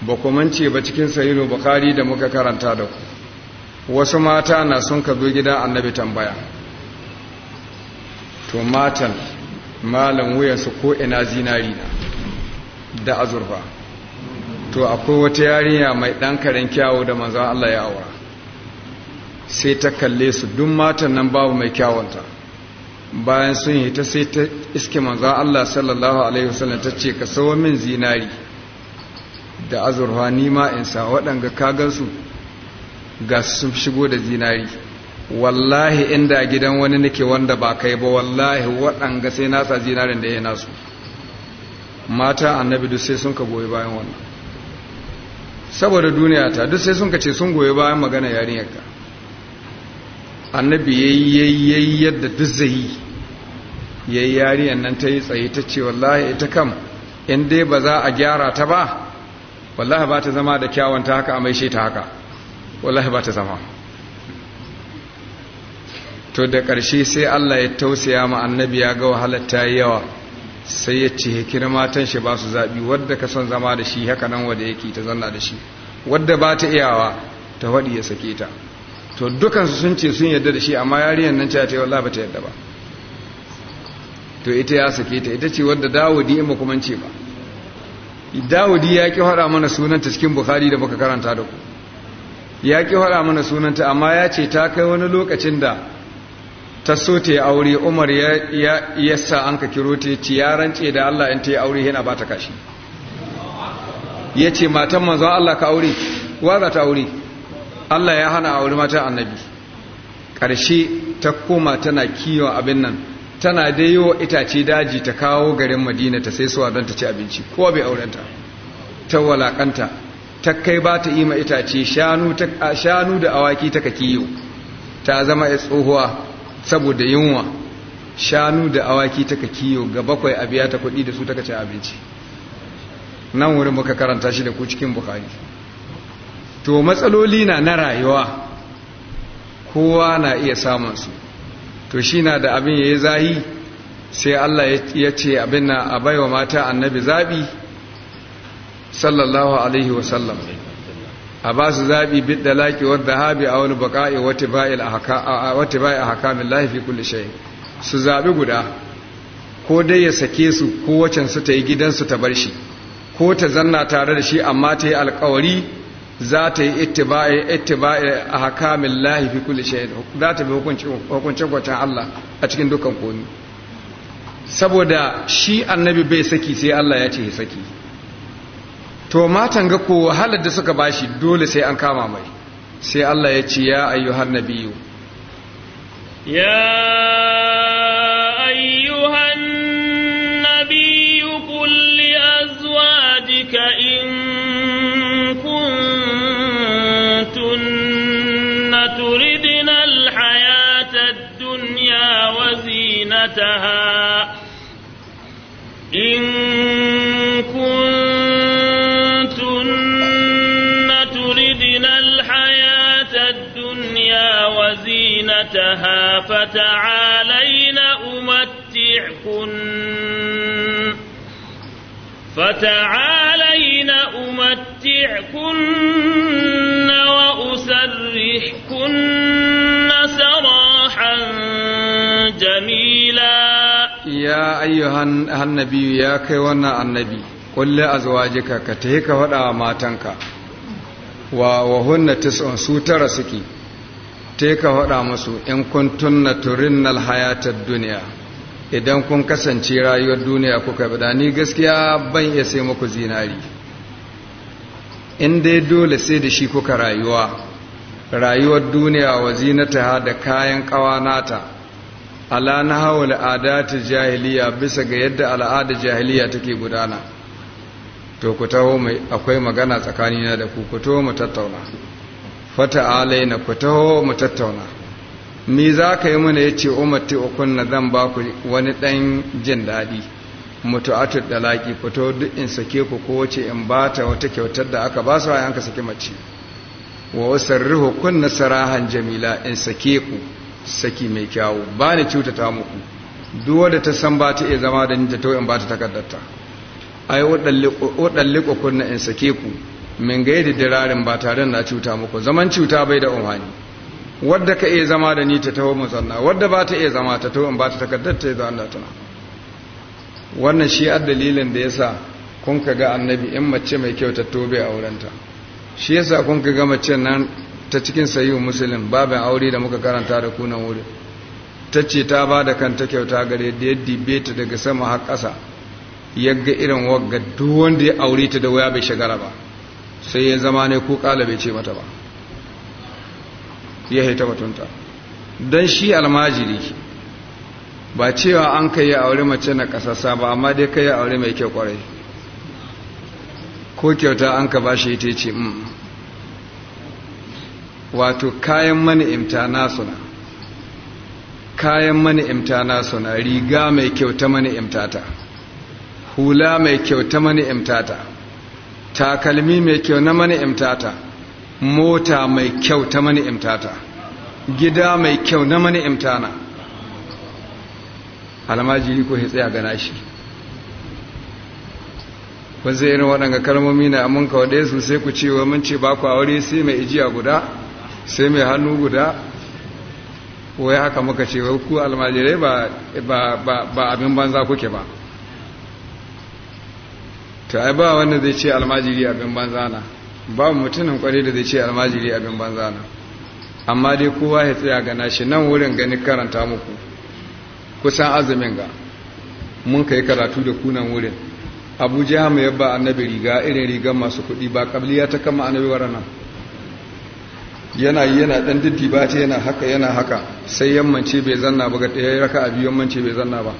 ba kumance ba cikin sahihu bukari da muka karanta da ku wasu mata na sun ka zo gida annabi tambaya to matan malam wuyansu ko ina zinari na da azurfa to akwai wata yarinya mai ɗan karen kyawo da manzan Allah ya aura sai ta kalle su duk matan nan babu mai kyawunta bayan sun yi ta sai ta iske manzan Allah sallallahu alaihi wasallam ta ce ka sawo min zinari da azurfa nima in sa waɗanga kagansu ga sun shigo da zinari wallahi inda gidan wani nake wanda ba kai ba wallahi waɗanga sai nasa zinarin da ya nasu mata annabi duk sai sun ka goyi bayan wannan saboda duniya ta duk sai sun ka ce sun goyi bayan magana yarinyarka annabi yayi yadda duk zai yi yayi yariyan nan ta yi tsaye ta ce wallahi ita kam in dai ba za a gyara ta ba wallahi ba ta zama da kyawun ta haka a shi ta haka wallahi ba ta zama to da ƙarshe sai Allah ya tausaya ma annabi ya ga wahalar ta yi yawa sai ya ce kira matan shi ba su zaɓi wadda ka son zama da shi haka nan wadda yake ta zanna da shi wadda ba ta iyawa ta waɗi ya sake ta to dukansu sun ce sun yarda da shi amma yarinyar nan ce ta yi wallah ba ta yarda ba to ita ya sake ta ita ce wadda dawudi in kuma ce ba dawudi ya ki faɗa mana sunanta cikin bukhari da muka karanta da ku ya ki faɗa mana sunanta amma ya ce ta kai wani lokacin da ta so ta yi aure umar ya sa an ka kiro ta ce ya rance da allah in ta yi aure yana ba ta kashi ya ce matan manzon allah ka aure wa za ta aure Allah ya hana a wuri mata annabi ƙarshe ta koma tana kiyo abin nan tana dai yi wa itace daji ta kawo garin madina ta sai suwa don ta ci abinci ko bai aurenta ta walakanta ta kai ba ta yi ma itace shanu da awaki ta ka kiyo ta zama ya tsohuwa saboda yunwa shanu da awaki ta ka kiyo ga bakwai a biya ta kuɗi da su ta ka abinci nan wurin muka karanta shi da ku cikin bukari to matsaloli na na rayuwa kowa na iya samun su to shi na da abin ya yi zahi sai Allah ya ce abin na a baiwa mata annabi zaɓi sallallahu alaihi wasallam a ba su zaɓi bid da laƙiwar wadda habi a wani baƙa'i wata ba'i a haka min lahifi kulle shayi su zaɓi guda ko dai ya sake su ko su ta yi gidansu ta bar shi ko ta zanna tare da shi amma ta yi alkawari za ta yi ittiba'i a ahkamin min lahifi kulli shaidu. za ta bi hukuncin kwacin Allah a cikin dukkan komi saboda shi annabi bai saki sai Allah ya ce ya saki to matan ga ko wahalar da suka bashi dole sai an kama mai sai Allah ya ce ya ayyuhan nabiyyu ya ayyuhan in وزينتها إن كنتن تردن الحياة الدنيا وزينتها فتعالين أمتعكن فتعالين أمتعكن وأسرحكن جميلا يا أيها النبي يا كيوانا النبي قل لأزواجك كتهك ودا ماتنك وهن تسع سوتر سكي تهك ودا مسو إن كنتن ترن الحياة الدنيا idan kun kasance rayuwar duniya kuka bada ni gaskiya ban iya sai muku zinari in dai dole sai da shi kuka rayuwa rayuwar duniya wa zinataha da kayan kawanata ala na al'ada ta jahiliya bisa ga yadda al'ada jahiliya take gudana to ku taho akwai magana tsakanina da ku ku taho mu tattauna fata alaina ku taho mu tattauna me za ka yi mana yace ummati na zan ba ku wani ɗan jin dadi mutu'atu dalaki ku taho duk in sake ku ko wace in bata wata kyautar da aka ba su ayan sake mace wa kun kunna sarahan jamila in sake ku saki mai kyawu ba ni cutata muku duk wadda ta san ba ta iya zama da ni ta tauyin ba ta takardarta ai waɗalliko na, in sake ku min gai da dirarin ba tare na cuta muku zaman cuta bai da umani wadda ka iya zama da ni ta taho musanna wadda ba ta iya zama ta tauyin ba ta takardarta ya zo Allah tana wannan shi a dalilin da yasa kun ka ga annabi in mace mai kyau ta tobe a wurinta shi yasa kun ka ga mace nan ta cikin sayi musulun babin aure da muka karanta da kunan wuri ta ce ta ba da kanta kyauta gare da yadda beta daga sama har ƙasa yagga irin wagga duk wanda ya aure ta da waya bai shagara ba sai ya zama ne ko ƙala bai ce mata ba ya haita batunta don shi almajiri ba cewa an kai ya aure mace na kasassa ba amma dai kai yi aure mai kyau kwarai ko kyauta an ka ba shi ita ce mm, mm. wato kayan mani'imta nasuna kayan mani'imta nasuna riga mai kyauta mani'imta ta hula mai kyauta mani'imta ta takalmi mai kyau na mani'imta ta mota mai kyau ta mani'imta ta gida mai kyau na mani'imta na almajiri ko ya tsaya gana shi wanzu irin waɗanga kalmomi na amurka waɗe su sai ku ce wa mun ce ba ku aure sai mai ijiya guda sai mai hannu guda wai haka muka ce wai ku almajirai ba abin banza kuke ba to ai ba wanda zai ce almajiri abin banza na ba mutumin kwarai da zai ce almajiri abin banza na amma dai kowa ya tsaya gana shi nan wurin gani karanta muku kusan azumin ga mun kai karatu da kunan wurin abuja jihar mai yabba annabi riga irin rigar masu kuɗi ba kabliya ta kama annabi wara nan yana yi yana dan ba ce yana haka yana haka sai yammance bai zanna ba ga ɗaya raka a biyu yammance bai zanna ba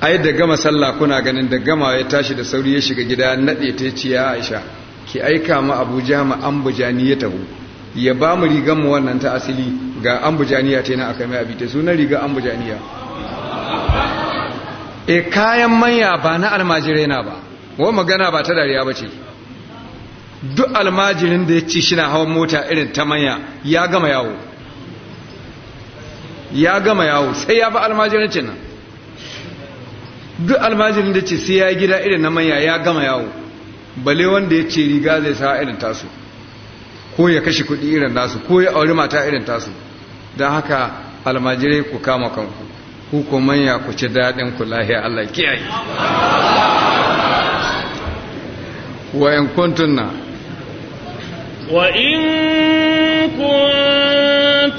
ai da gama sallah kuna ganin da gama ya tashi da sauri ya shiga gida naɗe ta ce ya aisha ki aika ma abuja ma ambujani ya tahu ya ba mu rigan mu wannan ta asili ga ambujaniya ta yana aka mai ta sunan riga ambujaniya e kayan manya ba na almajirai na ba wa magana ba ta dariya ba ce duk almajirin da ya ce shi na hawan mota irin ta manya ya gama yawo ya gama yawo sai ya fi almajirancin nan duk almajirin da ce sai ya gida irin na manya ya gama yawo bale wanda ya ce riga zai sa irin tasu ko ya kashe kuɗi irin nasu ko ya auri mata irin tasu don haka almajirai ku kama kanku ku ku manya ku ci daɗin ku lahiya Allah kiyaye wa 'yan kuntunna وإن كنتن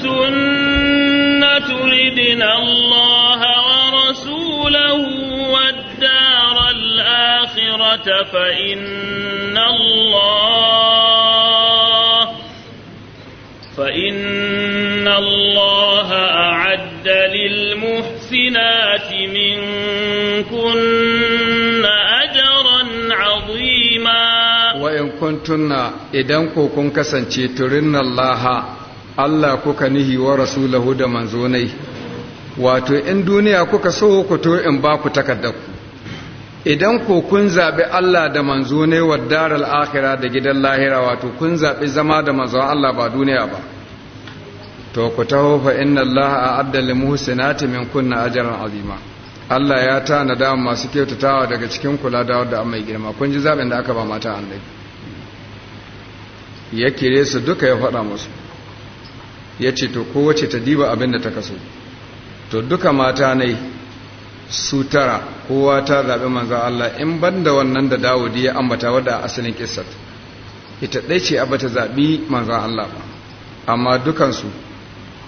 تردن الله ورسوله والدار الآخرة فإن الله فإن الله أعد للمحسنات منكن kuntunna idan ko kun kasance turinna Allah Allah kuka nihi wa rasulahu da manzonai wato in duniya kuka so ku to in ba ku ku idan ko kun zabi Allah da manzonai wa daral akhirah da gidan lahira wato kun zabi zama da manzon Allah ba duniya ba to ku taho fa inna Allah a'adda lil muhsinati min kunna ajran azima Allah ya tana da masu kyautatawa daga cikin kula da wadda mai girma kun ji zaben da aka ba mata annabi ya kire su duka ya faɗa musu ya ce to kowace ta diba abinda ta kaso to duka mata ne su tara kowa ta zaɓi manza Allah in banda wannan da dawudi ya ambata wadda asalin kissat ita ɗai ce abata zaɓi manzan Allah ba amma dukansu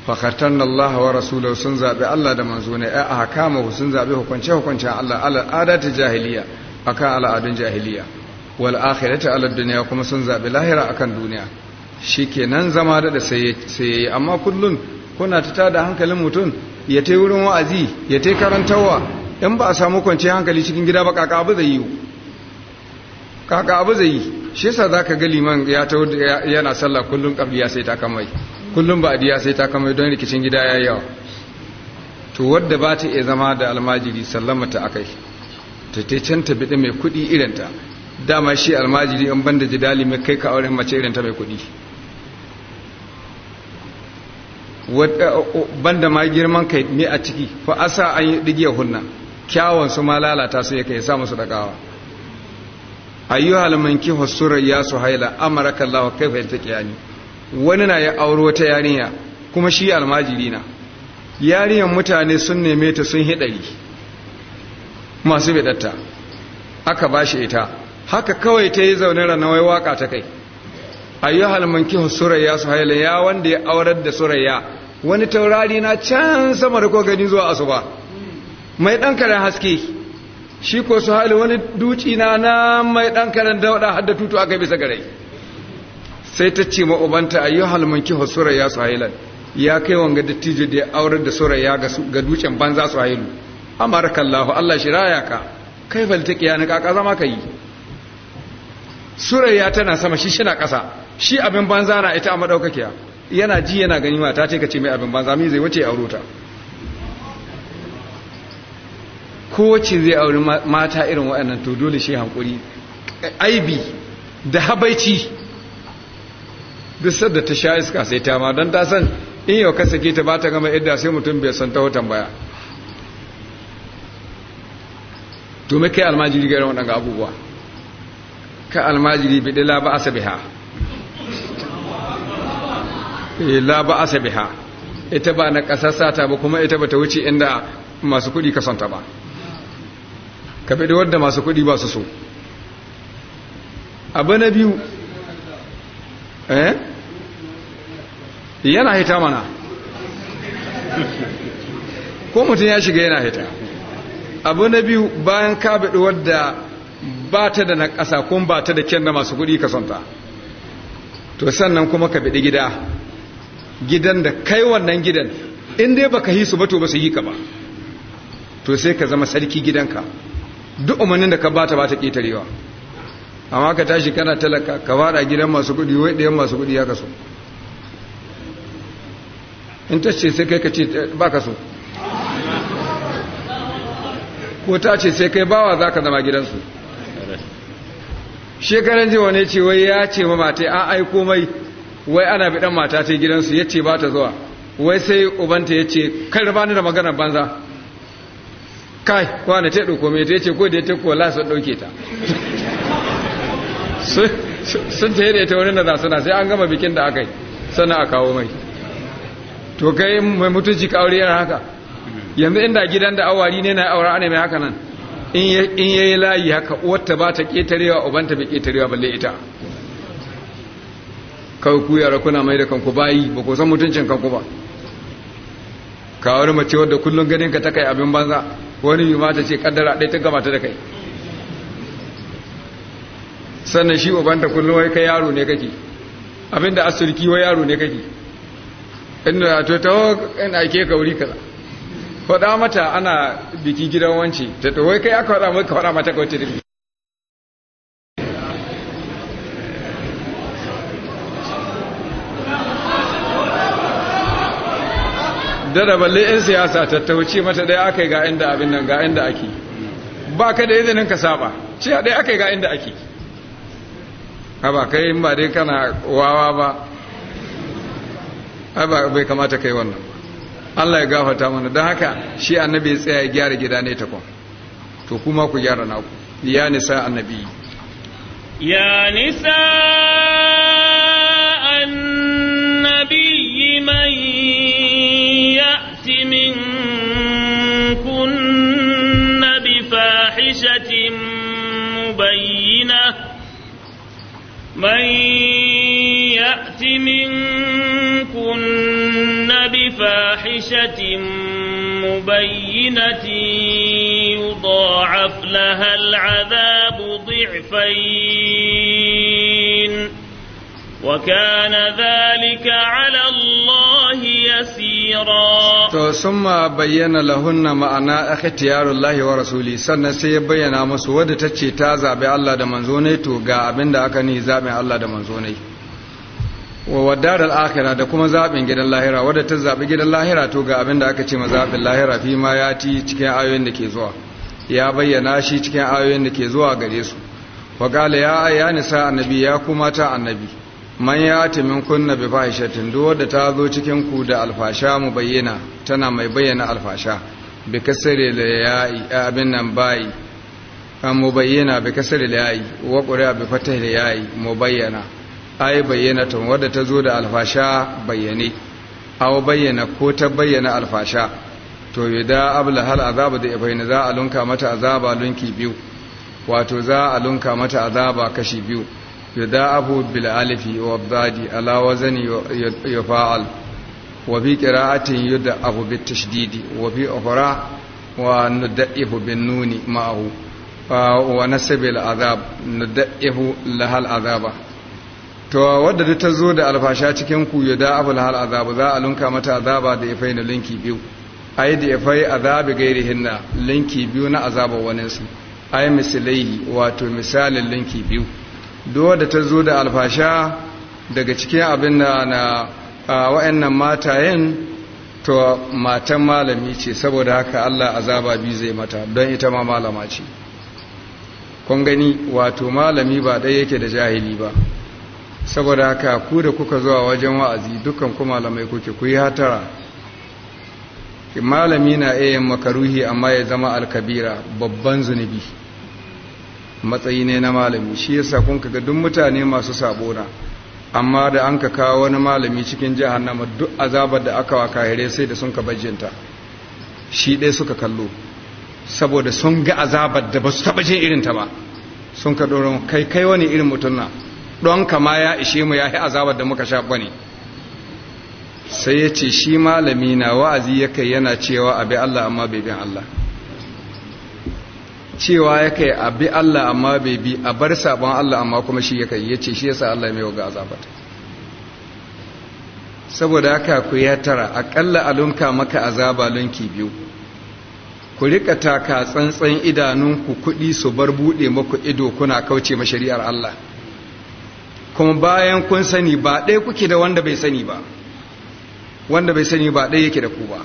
fakartar na Allah wa rasulau sun zaɓi Allah da manzo ne a haka sun zaɓi hukunce-hukuncen Allah al'ada ta jahiliya akan al'adun jahiliya wal akhirati ala dunya kuma sun zabi lahira akan duniya shikenan zama da da sai sai amma kullun kuna ta tada hankalin mutum ya tai wurin wa'azi ya tai karantawa in ba a samu kwanci hankali cikin gida ba kaka abu zai yi kaka abu zai yi shi yasa zaka ga liman ya ta yana sallah kullun kabliya sai ta kamai kullun ba adiya sai ta kamai don rikicin gida ya yawa to wadda ba ta iya zama da almajiri sallama ta akai ta te can bidi mai kuɗi irinta dama shi almajiri in banda jidali mai kai ka auren mace irin ta mai kudi eh, oh, oh, banda ma girman kai ne a ciki fa asa an yi digiya hunna kyawun su ma lalata su ya kai sa musu ayyu halaman ki hasura ya su haila amaraka Allah kai fa ta kiyani wani na ya aure wata yarinya kuma shi almajiri na yarinyar mutane sun neme ta sun hidari masu bidatta aka bashi ita haka kawai ta yi zaune wai waka ta kai ayyuhal mankihu surayya haila ya wanda ya aurar da surayya wani taurari na can sama da ko gani zuwa asuba mai dan karen haske shi ko suhaila wani duci na na mai dan karen dauda har da tutu aka bisa gare sai ta ce ma ubanta ayyuhal mankihu surayya suhaila ya kai wanga dattijo da ya aurar da surayya ga ducen banza su suhailu amarakallahu Allah shi raya ka kai faltaki na kaka ka zama ka yi surayya tana sama shi shi na ƙasa shi abin banza na ita a maɗaukakiya yana ji yana gani mata ce ka ce mai abin banza mai zai wuce auro ta kowace zai auri mata irin waɗannan to dole shi hankuri aibi da habaici duk sadda ta sha iska sai ta ma don ta san in yau ka sake ta ba ta gama idda sai mutum bai san ta hoton baya to mai kai almajiri ga irin waɗannan abubuwa ka almajiri biɗi la ba asa biha eh, la ba asa biha ita ba na ƙasar sata ba kuma ita ba ta wuce inda masu kuɗi ka santa ba ka biɗi wadda masu kuɗi ba su so abu na biyu eh yana hita mana ko mutum ya shiga yana hita abu na biyu bayan ka biɗi wadda ba ta da na ƙasa kuma ba ta da kyan masu kuɗi ka sonta to sannan kuma ka biɗi gida gidan da kai wannan gidan in dai baka yi su ba to ba su yi ka ba to sai ka zama sarki gidanka duk umarnin da ka bata ba ta ƙetarewa amma ka tashi kana talaka ka fara gidan masu kuɗi wai ɗayan masu kuɗi ya kaso in ta ce sai kai ka ce eh, ba ka so ko ta ce sai kai bawa za ka zama gidansu shekaran jiwa ne ce wai ya ce ma mata an aiko mai wai ana bidan mata ta gidansu ya ce ba ta zuwa wai sai ubanta ya ce kar ba ni da maganar banza kai kwana ta ɗauko mai ta ya ce ko da ya ta la sun ɗauke ta sun ta yadda ta wani na zasana sai an gama bikin da aka yi sana a kawo mai to kai mai mutunci ka aure yana haka yanzu inda gidan da awari ne na aura ana mai haka nan in yayi layi haka wata ba ta ketarewa ubanta bai ketarewa balle ita kawai ku yara kuna mai da kanku bayi ba ku san mutuncin kanku ba Kawar wani mace wadda kullum ganin ka ta kai abin banza wani yi mata ce kaddara ɗaya ta gama ta da kai sannan shi ubanta kullum wai ka yaro ne kake abinda asirki wai yaro ne kake inda to ta ina ke ka kaza faɗa mata ana biki gidan wance ta tawai kai aka faɗa ka faɗa mata kawai ta Da dada balle yan siyasa ta tauce mata ɗaya aka yi ga inda abin nan ga inda ake ba ka da izinin ka saba ce ɗaya aka yi ga inda ake haba kai in ba dai kana wawa ba haba bai kamata kai wannan Allah ya gafata mana don haka shi annabi ya tsaya ya gyara gida ne ta to kuma ku gyara naku ya nisa annabi ya nisa annabi ya ti min kunna bi fahishatin mai ya ti min kunna فاحشة مبينة يضاعف لها العذاب ضعفين وكان ذلك على الله يسيرا ثم بين لهن معنى اختيار الله ورسوله sannan sai ya bayyana musu wadda ce ta zaɓi Allah da manzonai to ga abinda aka ni zabi Allah da manzonai. wa wadar al'akira da kuma zaɓin gidan lahira wadda ta zaɓi gidan lahira to ga abin da aka ce ma zaɓin lahira fi ma ya ci cikin ayoyin da ke zuwa ya bayyana shi cikin ayoyin da ke zuwa gare su wa ya ya nisa annabi ya kuma ta annabi man ya ta min kunna bi fahishatin duk wadda ta zo cikin ku da alfasha mu bayyana tana mai bayyana alfasha bi kasare da ya abin nan bayi mu bayyana bi kasare da ya yi wa qura bi fatah da ya yi mu bayyana ai tun wadda ta zo da alfasha bayyane aw bayyana ko ta bayyana alfasha to yada abla hal azaba da ibaina za a lunka mata azaba lunki biyu wato za a lunka mata azaba kashi biyu yada abu bil alifi wa abdadi ala wazani yafa'al wa fi qira'atin yada abu bit tashdidi wa fi ukhra wa nudaifu bin nuni ma'ahu wa nasabil azab nudaifu lahal azaba to wadda ta zo da alfasha cikin ku ya da abul hal azabu za a lunka mata azaba da ifai na linki biyu ai da ifai azabi gairi hinna linki biyu na azaba wani su ai misalai wato misalin linki biyu do wadda ta zo da alfasha daga cikin abin da na wa'annan matayen to matan malami ce saboda haka Allah azaba biyu zai mata don ita ma malama ce kun gani wato malami ba ɗaya yake da jahili ba saboda haka ku da kuka zuwa wajen wa'azi dukkan ku malamai kuke ku yi hatara malami na iya yin makaruhi amma ya zama alkabira babban zunubi matsayi ne na malami shi yasa kun kaga duk mutane masu sabona amma da an ka kawo wani malami cikin jahannama duk azabar da aka waka hire sai da sun ka bajinta shi ɗaya suka kallo saboda sun ga azabar da ba su taɓa jin irinta ba sun ka doron kai kai wani irin mutum na don kama ya ishe mu ya yi azabar da muka sha ne sai ya ce shi malami na wa'azi ya kai yana cewa abi Allah amma bai bin Allah cewa ya kai abi Allah amma bai bi a bar sabon Allah amma kuma shi ya kai ya ce shi yasa Allah mai waga azabar saboda haka ku ya tara akalla alunka maka azaba lunki biyu ku rika taka tsantsan idanunku kuɗi su bar buɗe maku ido kuna kauce ma shari'ar Allah kuma bayan kun sani ba ɗaya kuke da wanda bai sani ba wanda bai sani ba ɗaya yake da ku ba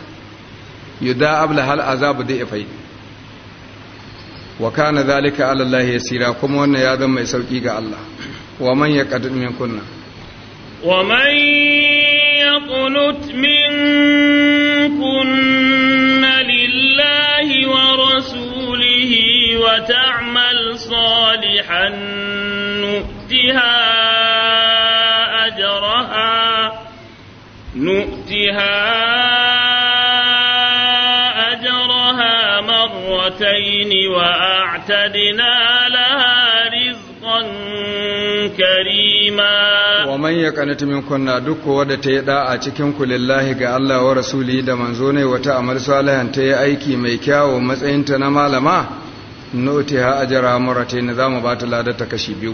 yuda abla hal azabu da ifai wa kana zalika ala ya yasira kuma wannan ya zama mai sauki ga Allah wa man ya yaqadu min kunna wa man yaqnut min kunna lillahi wa rasulihi wa ta'mal salihan nutiha فيها أجرها مرتين وأعتدنا لها رزقا كريما ومن يقنت منكن دك ود تي دا'a cikin lillahi ga Allah wa rasuli da manzo ne wata amal salihan ta yi aiki mai kyawu matsayin ta na malama nutiha ajra maratayn zamu ba ta ladar ta kashi biyu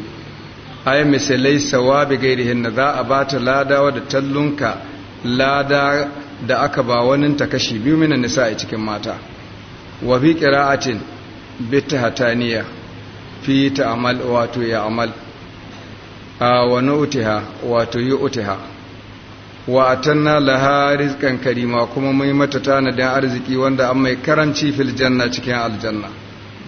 ay misalai sawabi gairihin za a ba ta lada wa da tallunka lada da aka ba wani ta kashi biyu minan nisa a cikin mata wa fi qira'atin bi hataniya fi amal wato ya amal wani utiha wato yi utiha. wa na laha rizqan karima kuma mai mata tanadin arziki wanda an mai karanci fil janna cikin aljanna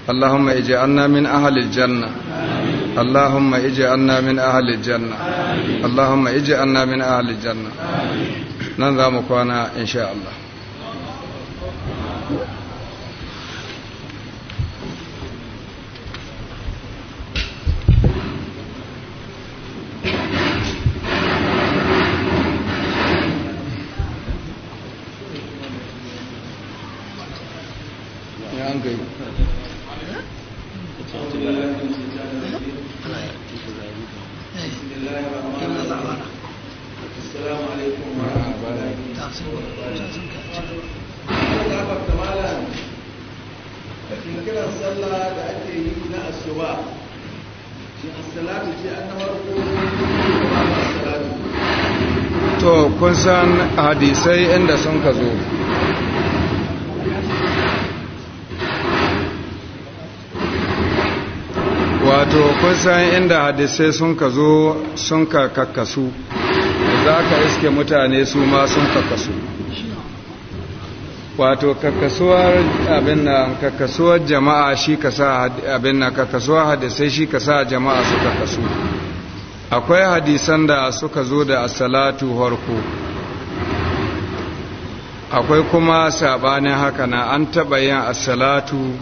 allahumma ij'alna min ahli janna. اللهم اجعلنا من أهل الجنة اللهم اجعلنا من أهل الجنة ننظام كوانا إن شاء الله hadisai inda sun ka zo wato kusan inda hadisai sun ka zo sun ka kakkasu za ka iske mutane su ma sun kakkasu wato kakkasuwar abin nan kakkasuwar jama'a shi ka sa abin nan kakkasuwar hadisai shi ka sa jama'a su kakkasu akwai hadisan da suka zo da asalatu harko akwai kuma sabanin haka na an taba yin asalatu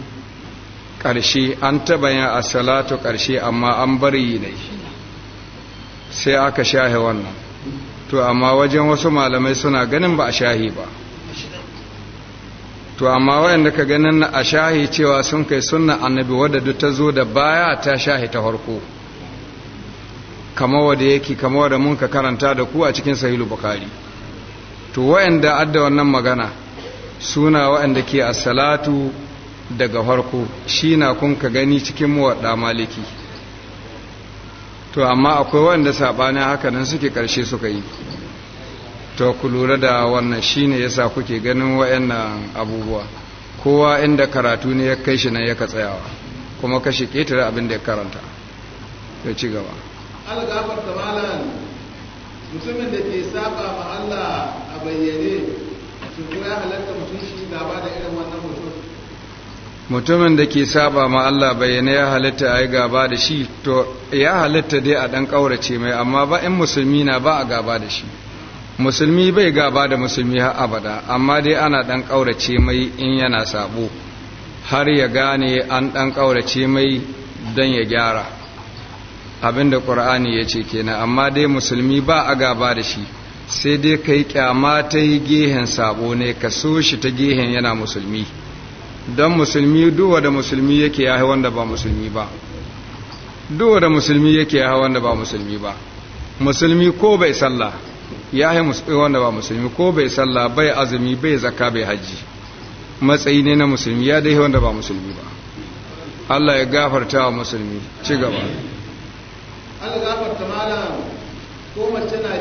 ƙarshe an taba yin asalatu ƙarshe amma an bari ne sai aka shahe wannan to amma wajen wasu malamai suna ganin ba a shahi ba to amma wayanda ka ganin a shahi cewa sun kai sunna annabi wadda duk ta zo da baya ta shahi ta farko kama wadda yake kama wadda mun ka karanta da ku a cikin sahilu Bukhari. to waɗanda adda wannan magana suna wa'anda ke a salatu daga farko shi na kun ka gani cikin muwaɗa maliki to amma akwai waɗanda saɓanin haka nan suke ƙarshe suka yi to ku lura da wannan shi ne ya sa kuke ganin waɗannan abubuwa kowa inda karatu ne ya kai shi nan ya ka tsayawa kuma kashe ketare abin da ya karanta ya ci gaba algafar mutumin da ke saba ma Allah mutumin da ke saba ma Allah bayyane ya halatta a yi gaba da shi to ya halatta dai a ɗan ƙaurace mai amma ba in musulmi na ba a gaba da shi musulmi bai gaba da musulmi har abada amma dai ana ɗan ƙaurace mai in yana sabo har ya gane an ɗan ƙaurace mai don ya gyara abinda ƙur'ani ya ce kenan amma dai musulmi ba a gaba da shi sai dai ka yi kyama ta yi gehen sabo ne ka so shi ta gehen yana musulmi don musulmi duwa da musulmi yake ya wanda ba musulmi ba duwa da musulmi yake ya wanda ba musulmi ba musulmi ko bai sallah ya yi wanda ba musulmi ko bai sallah bai azumi bai zakka bai hajji matsayi ne na musulmi ya dai wanda ba musulmi ba Allah ya gafarta wa musulmi ci gaba Allah gafarta malam ko mace na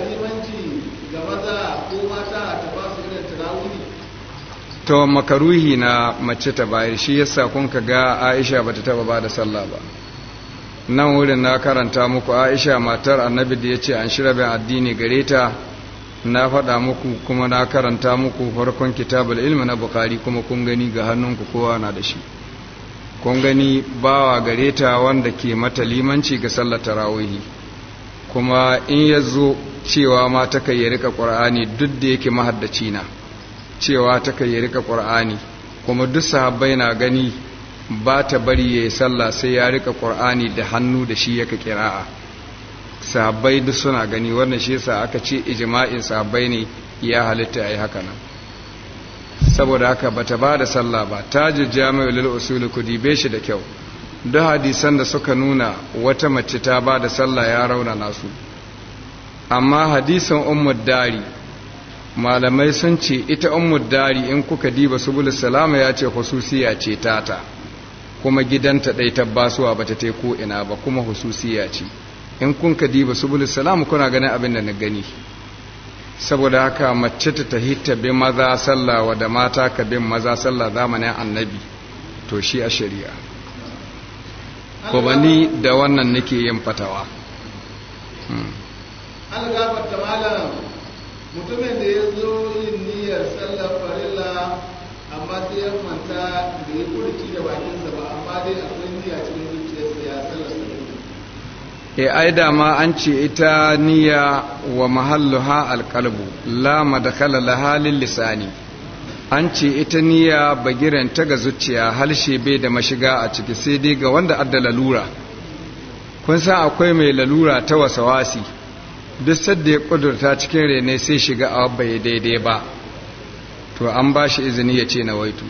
to makaruhi na mace ta bayar shi yasa kun ka ga Aisha ta taba ba da sallah ba nan wurin na karanta muku Aisha matar Annabi da ya ce an shirabe addini gare ta na faɗa muku kuma na karanta muku farkon kitabul ilmi na bukari kuma kun gani ga hannunku kowa na da shi kun gani bawa gare ta wanda ke mata limanci ga sallah tarawihi kuma in ya zo cewa ma ta kai ya rika ƙur'ani duk da yake mahaddaci na cewa ta kai ya rika ƙur'ani kuma duk sahabbai na gani ba ta bari ya yi sallah sai ya rika ƙur'ani da hannu da shi yaka kira'a sahabbai duk suna gani wannan shi yasa aka ce ijma'in sahabbai ne ya halitta yi haka nan saboda haka bata ba da sallah ba ta jami'u lil usul be shi da kyau duk hadisan da suka nuna wata mace ta ba da sallah ya raunana su amma hadisin ummu dari malamai sun ce ita ummu dari in kuka diba bulu salama ya ce hususiya ce tata kuma gidanta ɗai basuwa ba ta ko ina ba kuma hususiya ce in kun ka diba bulu salamu kuna ganin abin da na gani saboda haka mace ta hita bin maza sallah wa da mata ka bin maza sallah zamanin annabi to shi a shari'a ko da wannan nake yin fatawa hmm. an gafarta malam mutumin da ya zo yin niyyar sallar farilla amma sai ya manta da ya kurki da bakinsa ba amma dai akwai niyya cikin zuciyarsa ya sallar e ai dama an ce ita niyya wa mahalluha alqalbu la madkhala laha halin lisani an ce ita niyya ta ga zuciya halshe bai da mashiga a ciki sai dai ga wanda adda lalura kun san akwai mai lalura ta wasawasi duk sadda ya kudurta cikin rene sai shiga a bai daidai ba to an ba shi izini ya ce na waitu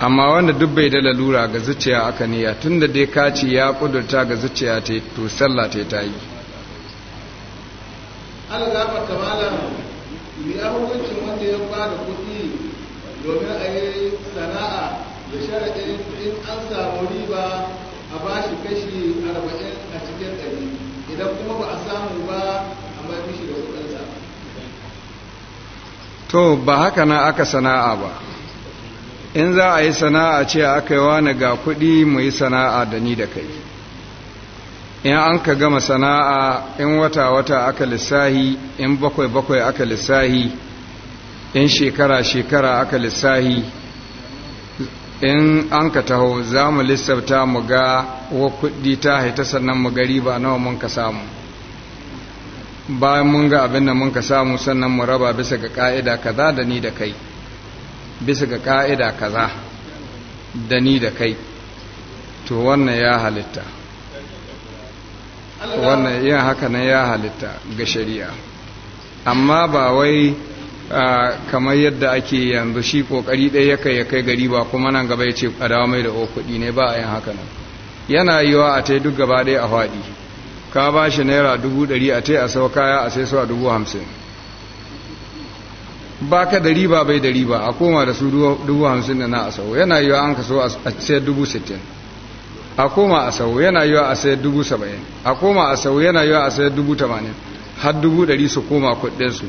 amma wanda duk bai da lalura ga zuciya aka niya tun da dai kaci ya kudurta ga zuciya ta to sallah ta ta yi Allah ba ya hukuncin wanda ya ba da kuɗi domin a yi sana'a da sharaɗin in an samu riba a bashi kashi arba'in a cikin ɗari idan kuma ba a samu ba a da to ba haka na aka sana'a ba in za a yi sana'a ce aka yi wani ga kuɗi mu yi sana'a da ni da kai in an ka gama sana'a in wata-wata aka lissahi in bakwai-bakwai aka lissahi in shekara-shekara aka lissahi in an ka taho za mu lissafta mu ga wa kuɗi ta haita sannan mu gari ba nawa mun ka samu bayan mun ga abin da mun ka samu sannan mu raba bisa ga ƙa'ida kaza da ni da kai bisa ga ƙa'ida kaza da ni da kai to wannan ya halitta wannan yin haka nan ya halitta ga shari'a amma ba wai kamar yadda ake yanzu shi kokari ɗaya ya kai ya kai gari ba kuma nan gaba ya ce a dawo mai da o kuɗi ne ba a yin haka nan yana yiwa a ta duk gaba ɗaya a faɗi ka ba shi naira dubu ɗari a ta a sau kaya a sai su a dubu hamsin ba ka da riba bai da riba a koma da su dubu hamsin da na a sau yana yiwa an kaso a sai dubu sittin a koma a sau yana yiwa a sai dubu saba'in a koma a sau yana yiwa a sai dubu tamanin har dubu ɗari su koma kuɗinsu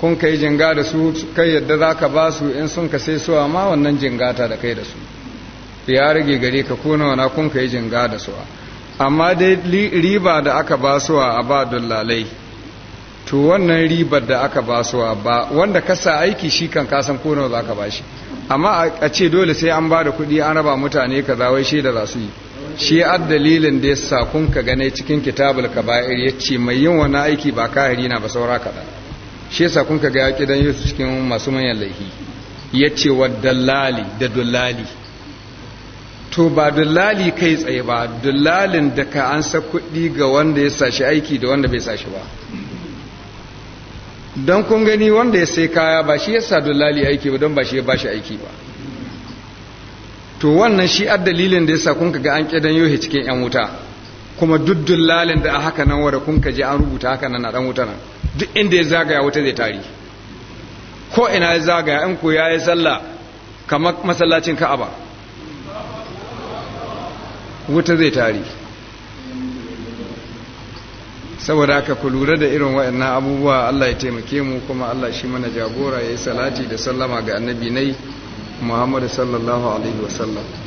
kun kai jinga da su kai yadda za ka ba su in sun ka sai su ma wannan ta da kai da su ya rage gare ka kuna wana kun kai jinga da su? amma dai riba da aka ba su a ba dullalai to wannan ribar da aka ba su a ba wanda ka aiki shi kan kasan kuna za ka ba shi amma a ce dole sai an ba da kuɗi an raba mutane ka zawai shi da za su yi shi ad dalilin da ya sa kun ka gane cikin kitabul kaba'ir ya ce mai yin wani aiki ba kahiri na ba saura kaɗan shi yasa kun ka ga ya kidan yusuf cikin masu manyan laifi ya ce wa dallali da dullali to ba dullali kai tsaye ba dullalin da ka an sa kuɗi ga wanda ya sashi aiki da wanda bai sashi ba don kun gani wanda ya sai kaya ba shi ya sa dullali aiki ba don ba shi ya bashi aiki ba to wannan shi ad dalilin da ya sa kun ga an kidan yohe cikin yan wuta kuma duk dullalin da a haka nan wanda kun ka je an rubuta haka nan a dan wuta nan duk inda ya zagaya wuta zai tari ko ina ya zagaya in ku ya yi sallah kamar masallacin ka'aba wuta zai tari saboda haka ku lura da irin na abubuwa Allah ya taimake mu kuma Allah shi mana jagora ya yi salati da sallama ga annabi nai muhammadu sallallahu alaihi wasallam